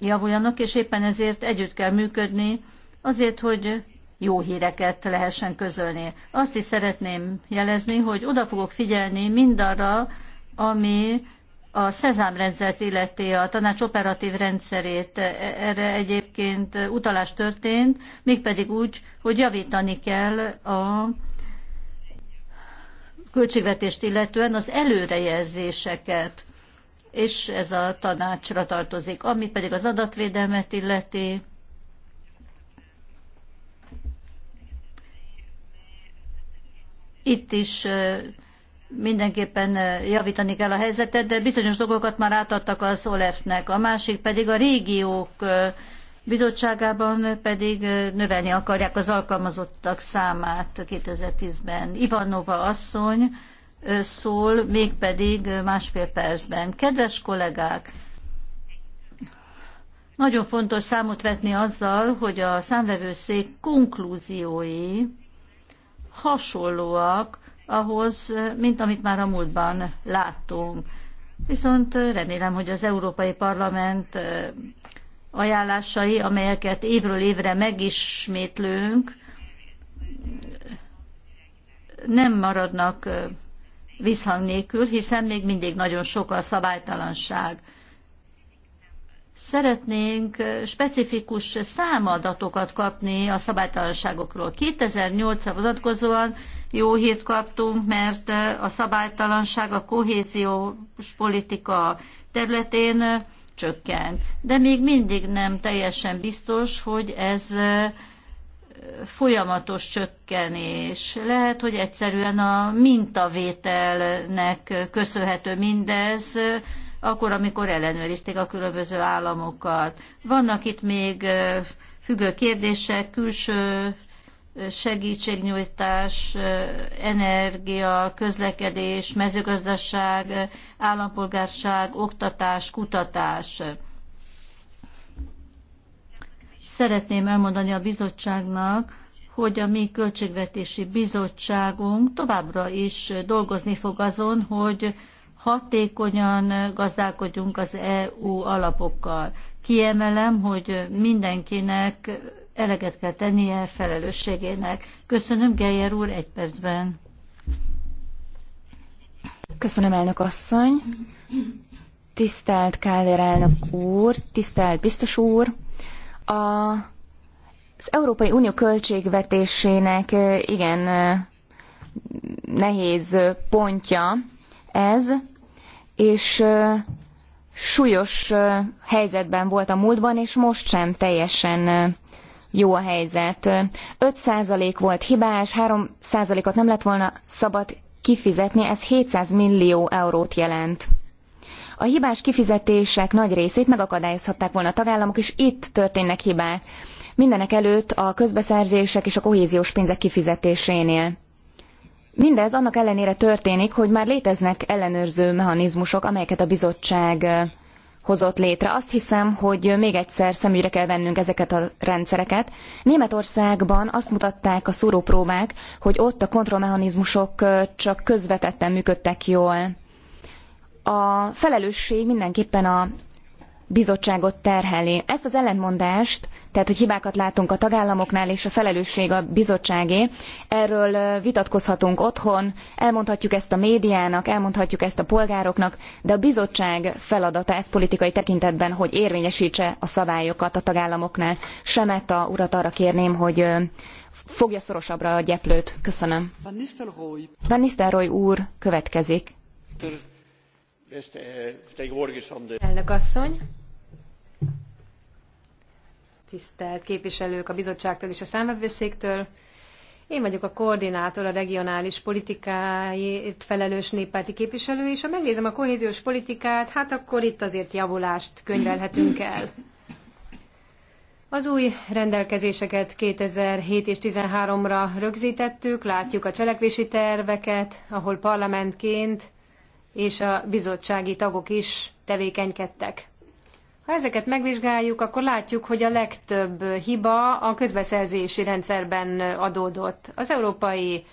javuljanak, és éppen ezért együtt kell működni, azért, hogy jó híreket lehessen közölni. Azt is szeretném jelezni, hogy oda fogok figyelni mindarra, ami a Szezám rendszert illeti, a tanács operatív rendszerét, erre egyébként utalás történt, mégpedig úgy, hogy javítani kell a költségvetést illetően az előrejelzéseket és ez a tanácsra tartozik. Ami pedig az adatvédelmet illeti, itt is mindenképpen javítani kell a helyzetet, de bizonyos dolgokat már átadtak az OLEF-nek. A másik pedig a régiók bizottságában pedig növelni akarják az alkalmazottak számát 2010-ben. Ivanova asszony szól, mégpedig másfél percben. Kedves kollégák, nagyon fontos számot vetni azzal, hogy a számvevőszék konklúziói hasonlóak ahhoz, mint amit már a múltban láttunk. Viszont remélem, hogy az Európai Parlament ajánlásai, amelyeket évről évre megismétlünk, nem maradnak visszhang nélkül, hiszen még mindig nagyon sok a szabálytalanság. Szeretnénk specifikus számadatokat kapni a szabálytalanságokról. 2008-ra vonatkozóan jó hírt kaptunk, mert a szabálytalanság a kohéziós politika területén csökkent. De még mindig nem teljesen biztos, hogy ez folyamatos csökkenés. Lehet, hogy egyszerűen a mintavételnek köszönhető mindez, akkor, amikor ellenőrizték a különböző államokat. Vannak itt még függő kérdések, külső segítségnyújtás, energia, közlekedés, mezőgazdaság, állampolgárság, oktatás, kutatás. Szeretném elmondani a bizottságnak, hogy a mi költségvetési bizottságunk továbbra is dolgozni fog azon, hogy hatékonyan gazdálkodjunk az EU alapokkal. Kiemelem, hogy mindenkinek eleget kell tennie felelősségének. Köszönöm, Geyer úr, egy percben. Köszönöm, elnök asszony. Tisztelt Káder elnök úr, tisztelt biztos úr, a, az Európai Unió költségvetésének igen nehéz pontja ez, és súlyos helyzetben volt a múltban, és most sem teljesen jó a helyzet. 5% volt hibás, 3%-ot nem lett volna szabad kifizetni, ez 700 millió eurót jelent. A hibás kifizetések nagy részét megakadályozhatták volna a tagállamok, és itt történnek hibák. Mindenek előtt a közbeszerzések és a kohéziós pénzek kifizetésénél. Mindez annak ellenére történik, hogy már léteznek ellenőrző mechanizmusok, amelyeket a bizottság hozott létre. Azt hiszem, hogy még egyszer szemügyre kell vennünk ezeket a rendszereket. Németországban azt mutatták a szúrópróbák, hogy ott a kontrollmechanizmusok csak közvetetten működtek jól a felelősség mindenképpen a bizottságot terheli. Ezt az ellentmondást, tehát hogy hibákat látunk a tagállamoknál és a felelősség a bizottságé, erről vitatkozhatunk otthon, elmondhatjuk ezt a médiának, elmondhatjuk ezt a polgároknak, de a bizottság feladata ez politikai tekintetben, hogy érvényesítse a szabályokat a tagállamoknál. a urat arra kérném, hogy fogja szorosabbra a gyeplőt. Köszönöm. Van Nistelrooy úr következik. Elnök asszony, tisztelt képviselők a bizottságtól és a számvevőszéktől. Én vagyok a koordinátor a regionális politikáért felelős néppárti képviselő, és ha megnézem a kohéziós politikát, hát akkor itt azért javulást könyvelhetünk el. Az új rendelkezéseket 2007 és 2013 ra rögzítettük, látjuk a cselekvési terveket, ahol parlamentként és a bizottsági tagok is tevékenykedtek. Ha ezeket megvizsgáljuk, akkor látjuk, hogy a legtöbb hiba a közbeszerzési rendszerben adódott. Az európai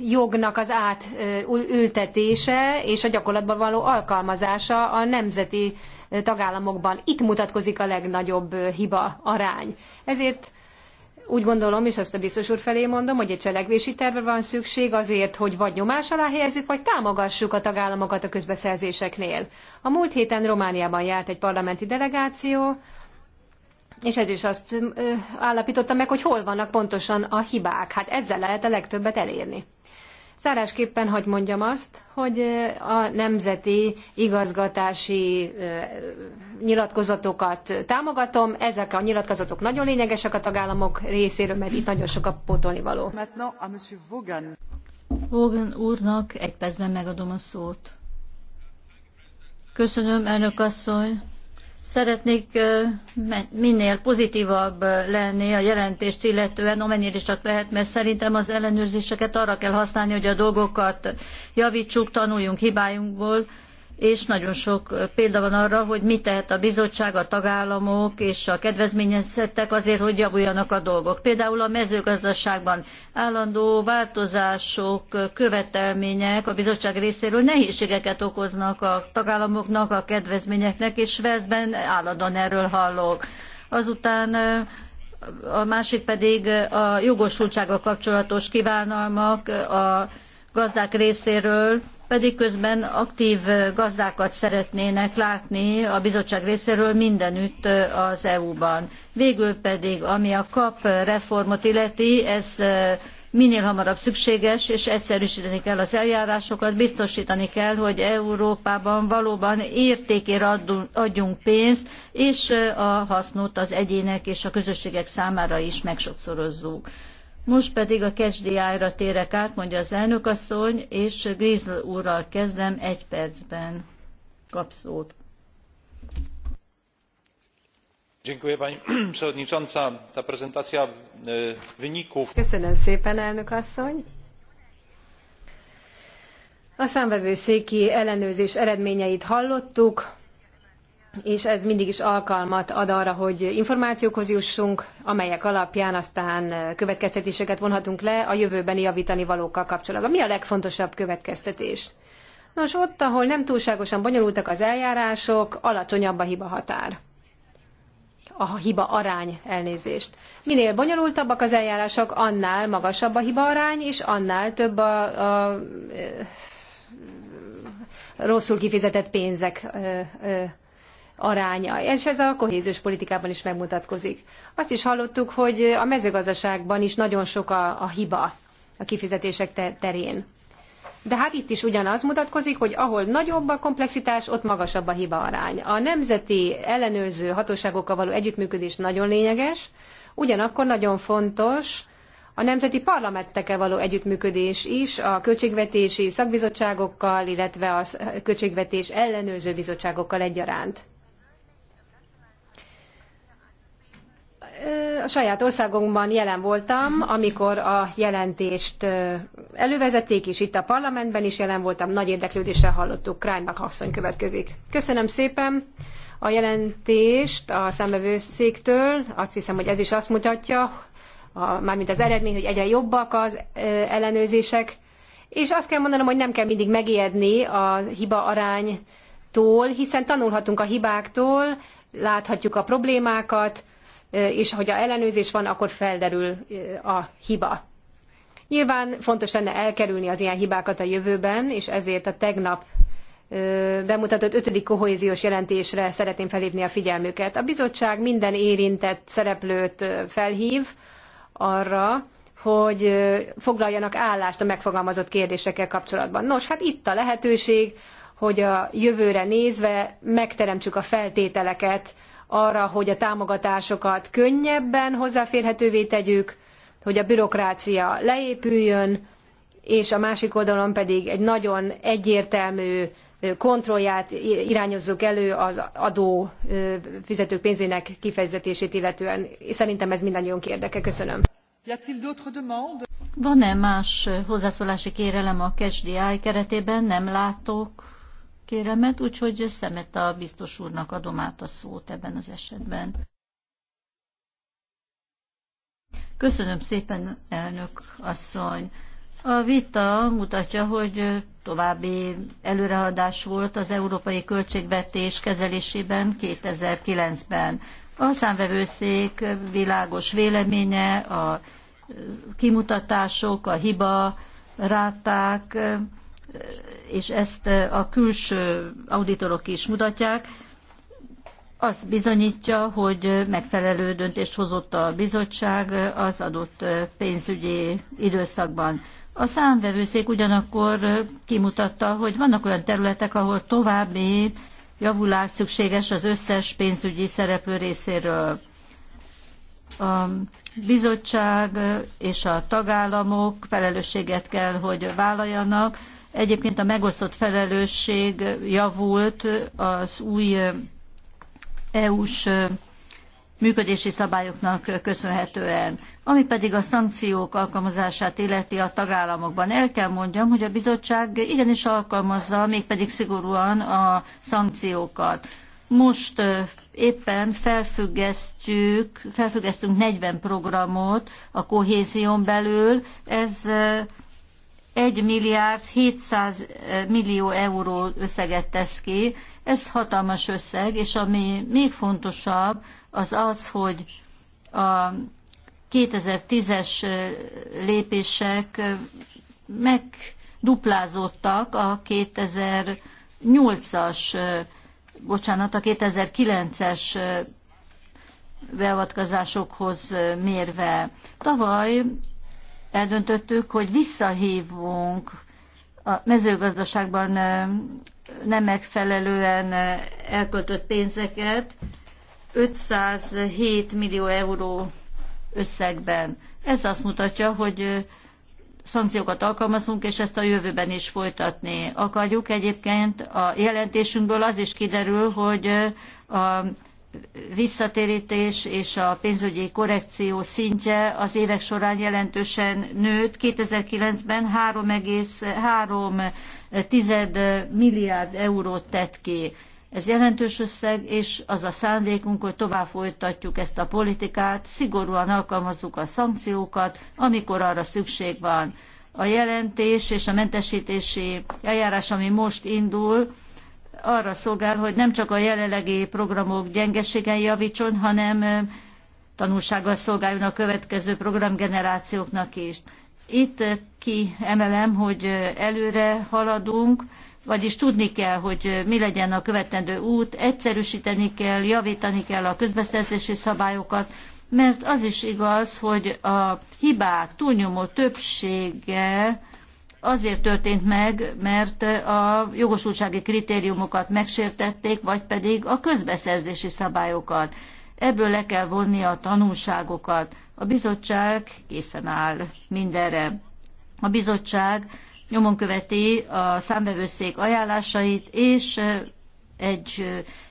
jognak az átültetése és a gyakorlatban való alkalmazása a nemzeti tagállamokban. Itt mutatkozik a legnagyobb hiba arány. Ezért úgy gondolom, és ezt a biztos úr felé mondom, hogy egy cselekvési tervre van szükség azért, hogy vagy nyomás alá helyezzük, vagy támogassuk a tagállamokat a közbeszerzéseknél. A múlt héten Romániában járt egy parlamenti delegáció, és ez is azt állapította meg, hogy hol vannak pontosan a hibák. Hát ezzel lehet a legtöbbet elérni. Zárásképpen hagy mondjam azt, hogy a nemzeti igazgatási nyilatkozatokat támogatom. Ezek a nyilatkozatok nagyon lényegesek a tagállamok részéről, mert itt nagyon sok a pótolni való. Vogan. Vogan úrnak egy percben megadom a szót. Köszönöm, elnök asszony. Szeretnék minél pozitívabb lenni a jelentést illetően, amennyire csak lehet, mert szerintem az ellenőrzéseket arra kell használni, hogy a dolgokat javítsuk, tanuljunk hibáinkból, és nagyon sok példa van arra, hogy mit tehet a bizottság, a tagállamok és a kedvezményezettek azért, hogy javuljanak a dolgok. Például a mezőgazdaságban állandó változások, követelmények a bizottság részéről nehézségeket okoznak a tagállamoknak, a kedvezményeknek, és Svezben állandóan erről hallok. Azután a másik pedig a jogosultsága kapcsolatos kívánalmak a gazdák részéről, pedig közben aktív gazdákat szeretnének látni a bizottság részéről mindenütt az EU-ban. Végül pedig, ami a kap reformot illeti, ez minél hamarabb szükséges, és egyszerűsíteni kell az eljárásokat, biztosítani kell, hogy Európában valóban értékére adjunk pénzt, és a hasznot az egyének és a közösségek számára is megsokszorozzuk. Most pedig a ksdi térek át, mondja az elnökasszony, és Grizzl úrral kezdem egy percben. Kap szót. E, Köszönöm szépen, elnök asszony. A számvevőszéki ellenőrzés eredményeit hallottuk és ez mindig is alkalmat ad arra, hogy információkhoz jussunk, amelyek alapján aztán eh, következtetéseket vonhatunk le a jövőbeni javítani valókkal kapcsolatban. Mi a legfontosabb következtetés? Nos, ott, ahol nem túlságosan bonyolultak az eljárások, alacsonyabb a hiba határ. A hiba arány elnézést. Minél bonyolultabbak az eljárások, annál magasabb a hiba arány, és annál több a, a, a eh, rosszul kifizetett pénzek. A, eh, a, aránya, és ez a kohéziós politikában is megmutatkozik. Azt is hallottuk, hogy a mezőgazdaságban is nagyon sok a, a hiba a kifizetések terén. De hát itt is ugyanaz mutatkozik, hogy ahol nagyobb a komplexitás, ott magasabb a hiba arány. A nemzeti ellenőrző hatóságokkal való együttműködés nagyon lényeges, ugyanakkor nagyon fontos a nemzeti parlamentekkel való együttműködés is, a költségvetési szakbizottságokkal, illetve a költségvetés ellenőrző bizottságokkal egyaránt. a saját országomban jelen voltam, amikor a jelentést elővezették, és itt a parlamentben is jelen voltam, nagy érdeklődéssel hallottuk. Kránynak asszony következik. Köszönöm szépen a jelentést a számbevőszéktől. Azt hiszem, hogy ez is azt mutatja, a, mármint az eredmény, hogy egyre jobbak az ellenőrzések, és azt kell mondanom, hogy nem kell mindig megijedni a hiba aránytól, hiszen tanulhatunk a hibáktól, láthatjuk a problémákat, és hogyha ellenőrzés van, akkor felderül a hiba. Nyilván fontos lenne elkerülni az ilyen hibákat a jövőben, és ezért a tegnap bemutatott ötödik kohéziós jelentésre szeretném felhívni a figyelmüket. A bizottság minden érintett szereplőt felhív arra, hogy foglaljanak állást a megfogalmazott kérdésekkel kapcsolatban. Nos, hát itt a lehetőség, hogy a jövőre nézve megteremtsük a feltételeket arra, hogy a támogatásokat könnyebben hozzáférhetővé tegyük, hogy a bürokrácia leépüljön, és a másik oldalon pedig egy nagyon egyértelmű kontrollját irányozzuk elő az adó fizetők pénzének kifejezését illetően. Szerintem ez mindannyiunk érdeke. Köszönöm. Van-e más hozzászólási kérelem a KSDI keretében? Nem látok kéremet, úgyhogy szemet a biztos úrnak adom át a szót ebben az esetben. Köszönöm szépen, elnök asszony. A vita mutatja, hogy további előrehaladás volt az európai költségvetés kezelésében 2009-ben. A számvevőszék világos véleménye, a kimutatások, a hiba ráták és ezt a külső auditorok is mutatják, az bizonyítja, hogy megfelelő döntést hozott a bizottság az adott pénzügyi időszakban. A számvevőszék ugyanakkor kimutatta, hogy vannak olyan területek, ahol további javulás szükséges az összes pénzügyi szereplő részéről. A bizottság és a tagállamok felelősséget kell, hogy vállaljanak, Egyébként a megosztott felelősség javult az új EU-s működési szabályoknak köszönhetően. Ami pedig a szankciók alkalmazását illeti a tagállamokban, el kell mondjam, hogy a bizottság igenis alkalmazza, mégpedig szigorúan a szankciókat. Most éppen felfüggesztjük, felfüggesztünk 40 programot a kohézión belül, ez 1 milliárd 700 eh, millió euró összeget tesz ki. Ez hatalmas összeg, és ami még fontosabb, az az, hogy a 2010-es eh, lépések eh, megduplázódtak a 2008-as, bocsánat, a 2009-es beavatkozásokhoz mérve. Tavaly eldöntöttük, hogy visszahívunk a mezőgazdaságban nem megfelelően elköltött pénzeket 507 millió euró összegben. Ez azt mutatja, hogy szankciókat alkalmazunk, és ezt a jövőben is folytatni akarjuk. Egyébként a jelentésünkből az is kiderül, hogy a visszatérítés és a pénzügyi korrekció szintje az évek során jelentősen nőtt. 2009-ben 3,3 milliárd eurót tett ki. Ez jelentős összeg, és az a szándékunk, hogy tovább folytatjuk ezt a politikát, szigorúan alkalmazzuk a szankciókat, amikor arra szükség van. A jelentés és a mentesítési eljárás, ami most indul, arra szolgál, hogy nem csak a jelenlegi programok gyengeségen javítson, hanem tanulsággal szolgáljon a következő programgenerációknak is. Itt kiemelem, hogy előre haladunk, vagyis tudni kell, hogy mi legyen a követendő út, egyszerűsíteni kell, javítani kell a közbeszerzési szabályokat, mert az is igaz, hogy a hibák túlnyomó többsége azért történt meg, mert a jogosultsági kritériumokat megsértették, vagy pedig a közbeszerzési szabályokat. Ebből le kell vonni a tanulságokat. A bizottság készen áll mindenre. A bizottság nyomon követi a számbevőszék ajánlásait, és egy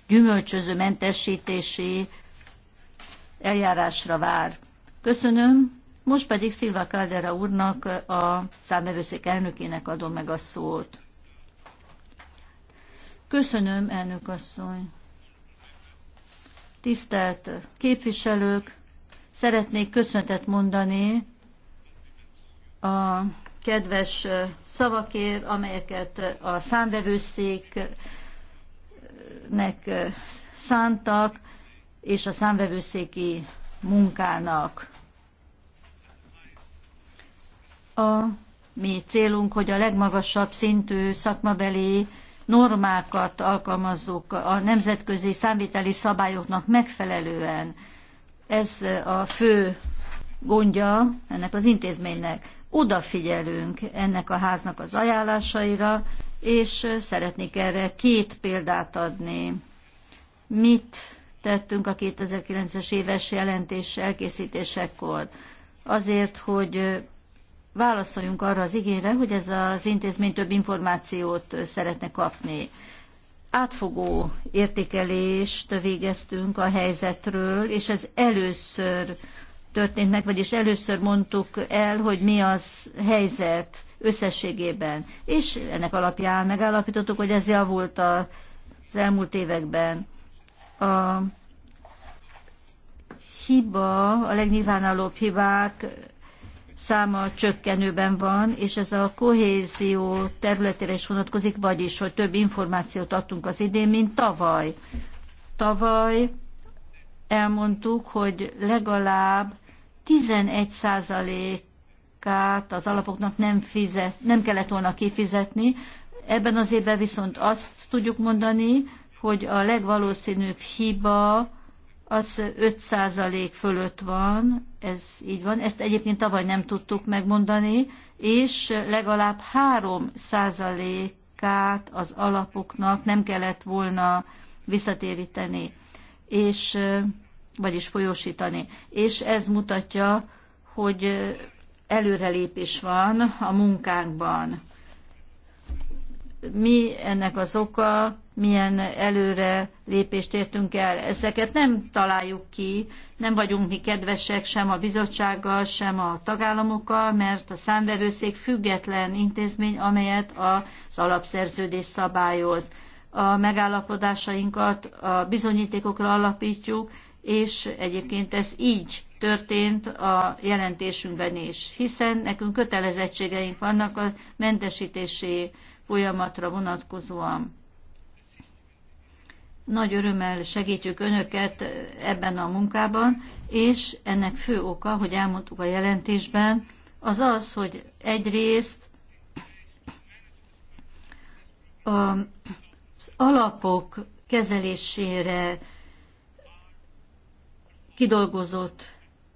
gyümölcsöző mentesítési eljárásra vár. Köszönöm. Most pedig Szilva Caldera úrnak, a számbevőszék elnökének adom meg a szót. Köszönöm, elnök asszony. Tisztelt képviselők, szeretnék köszönetet mondani a kedves szavakért, amelyeket a számvevőszéknek szántak, és a számvevőszéki munkának. A mi célunk, hogy a legmagasabb szintű szakmabeli normákat alkalmazzuk a nemzetközi számviteli szabályoknak megfelelően. Ez a fő gondja ennek az intézménynek. Odafigyelünk ennek a háznak az ajánlásaira, és szeretnék erre két példát adni. Mit tettünk a 2009-es éves jelentés elkészítésekor? Azért, hogy válaszoljunk arra az igényre, hogy ez az intézmény több információt szeretne kapni. Átfogó értékelést végeztünk a helyzetről, és ez először történt meg, vagyis először mondtuk el, hogy mi az helyzet összességében. És ennek alapján megállapítottuk, hogy ez javult az elmúlt években. A hiba, a legnyilvánalóbb hibák száma csökkenőben van, és ez a kohézió területére is vonatkozik, vagyis, hogy több információt adtunk az idén, mint tavaly. Tavaly elmondtuk, hogy legalább 11%-át az alapoknak nem, fizet, nem kellett volna kifizetni. Ebben az évben viszont azt tudjuk mondani, hogy a legvalószínűbb hiba az 5% fölött van, ez így van, ezt egyébként tavaly nem tudtuk megmondani, és legalább 3%-át az alapoknak nem kellett volna visszatéríteni, és, vagyis folyósítani. És ez mutatja, hogy előrelépés van a munkánkban. Mi ennek az oka, milyen előre lépést értünk el. Ezeket nem találjuk ki, nem vagyunk mi kedvesek sem a bizottsággal, sem a tagállamokkal, mert a számvevőszék független intézmény, amelyet az alapszerződés szabályoz. A megállapodásainkat a bizonyítékokra alapítjuk, és egyébként ez így történt a jelentésünkben is, hiszen nekünk kötelezettségeink vannak a mentesítési folyamatra vonatkozóan nagy örömmel segítjük Önöket ebben a munkában, és ennek fő oka, hogy elmondtuk a jelentésben, az az, hogy egyrészt az alapok kezelésére kidolgozott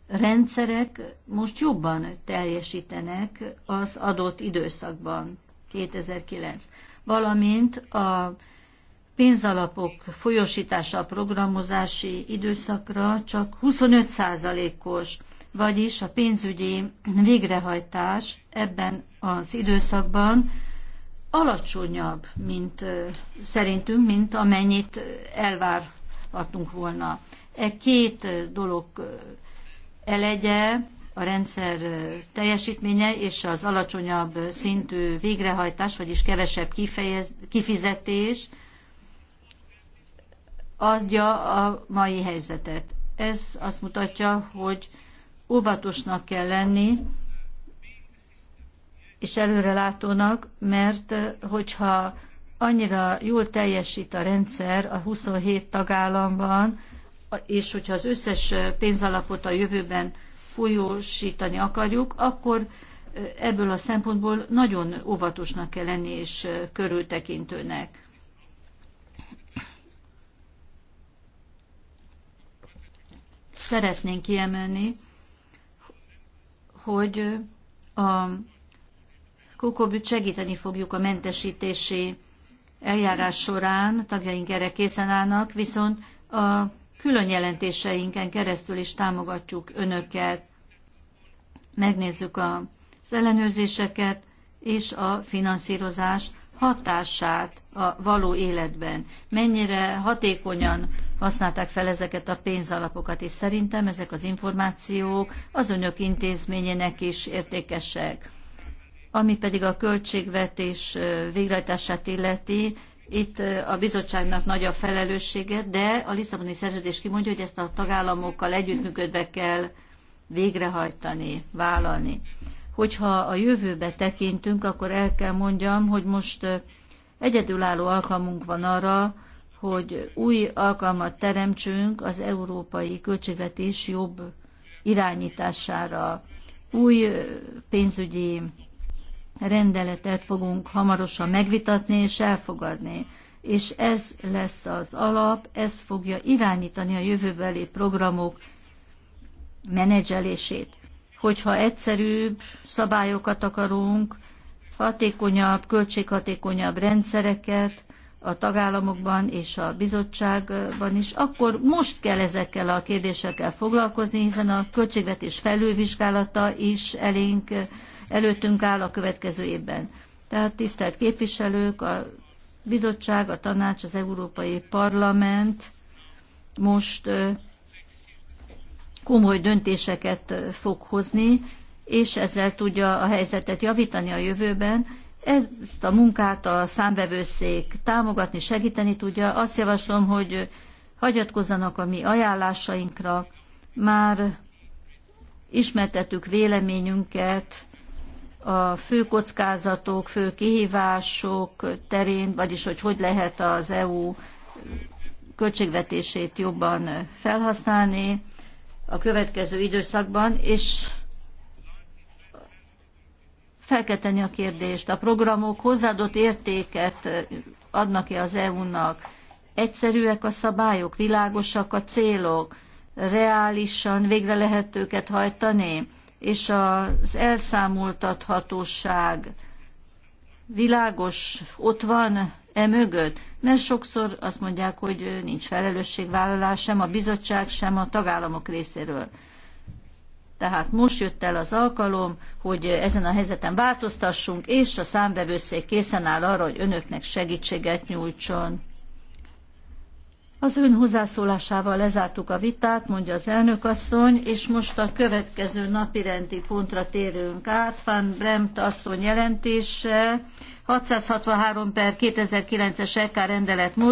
rendszerek most jobban teljesítenek az adott időszakban, 2009, valamint a pénzalapok folyosítása a programozási időszakra csak 25%-os, vagyis a pénzügyi végrehajtás ebben az időszakban alacsonyabb, mint szerintünk, mint amennyit elvárhatunk volna. E két dolog elegye, a rendszer teljesítménye és az alacsonyabb szintű végrehajtás, vagyis kevesebb kifejez, kifizetés, adja a mai helyzetet. Ez azt mutatja, hogy óvatosnak kell lenni, és előrelátónak, mert hogyha annyira jól teljesít a rendszer a 27 tagállamban, és hogyha az összes pénzalapot a jövőben folyósítani akarjuk, akkor ebből a szempontból nagyon óvatosnak kell lenni és körültekintőnek. szeretnénk kiemelni, hogy a Kukobüt segíteni fogjuk a mentesítési eljárás során, tagjaink erre készen állnak, viszont a külön jelentéseinken keresztül is támogatjuk önöket, megnézzük az ellenőrzéseket és a finanszírozást, hatását a való életben. Mennyire hatékonyan használták fel ezeket a pénzalapokat, és szerintem ezek az információk az önök intézményének is értékesek. Ami pedig a költségvetés végrehajtását illeti, itt a bizottságnak nagy a felelőssége, de a Lisszaboni szerződés kimondja, hogy ezt a tagállamokkal együttműködve kell végrehajtani, vállalni. Hogyha a jövőbe tekintünk, akkor el kell mondjam, hogy most egyedülálló alkalmunk van arra, hogy új alkalmat teremtsünk az európai költségvetés jobb irányítására. Új pénzügyi rendeletet fogunk hamarosan megvitatni és elfogadni. És ez lesz az alap, ez fogja irányítani a jövőbeli programok menedzselését hogyha egyszerűbb szabályokat akarunk, hatékonyabb, költséghatékonyabb rendszereket a tagállamokban és a bizottságban is, akkor most kell ezekkel a kérdésekkel foglalkozni, hiszen a költségvetés felülvizsgálata is elénk, előttünk áll a következő évben. Tehát tisztelt képviselők, a bizottság, a tanács, az Európai Parlament most komoly döntéseket fog hozni, és ezzel tudja a helyzetet javítani a jövőben. Ezt a munkát a számvevőszék támogatni, segíteni tudja. Azt javaslom, hogy hagyatkozzanak a mi ajánlásainkra. Már ismertettük véleményünket a fő kockázatok, fő kihívások terén, vagyis hogy hogy lehet az EU költségvetését jobban felhasználni a következő időszakban, és fel kell tenni a kérdést. A programok hozzáadott értéket adnak-e az EU-nak? Egyszerűek a szabályok, világosak a célok, reálisan végre lehet őket hajtani, és az elszámoltathatóság világos ott van e mögött? Mert sokszor azt mondják, hogy nincs felelősségvállalás sem a bizottság, sem a tagállamok részéről. Tehát most jött el az alkalom, hogy ezen a helyzeten változtassunk, és a számvevőszék készen áll arra, hogy önöknek segítséget nyújtson. Az ön hozzászólásával lezártuk a vitát, mondja az elnök asszony, és most a következő napirendi pontra térünk át. Van Bremt asszony jelentése 663 per 2009-es EK rendelet mód.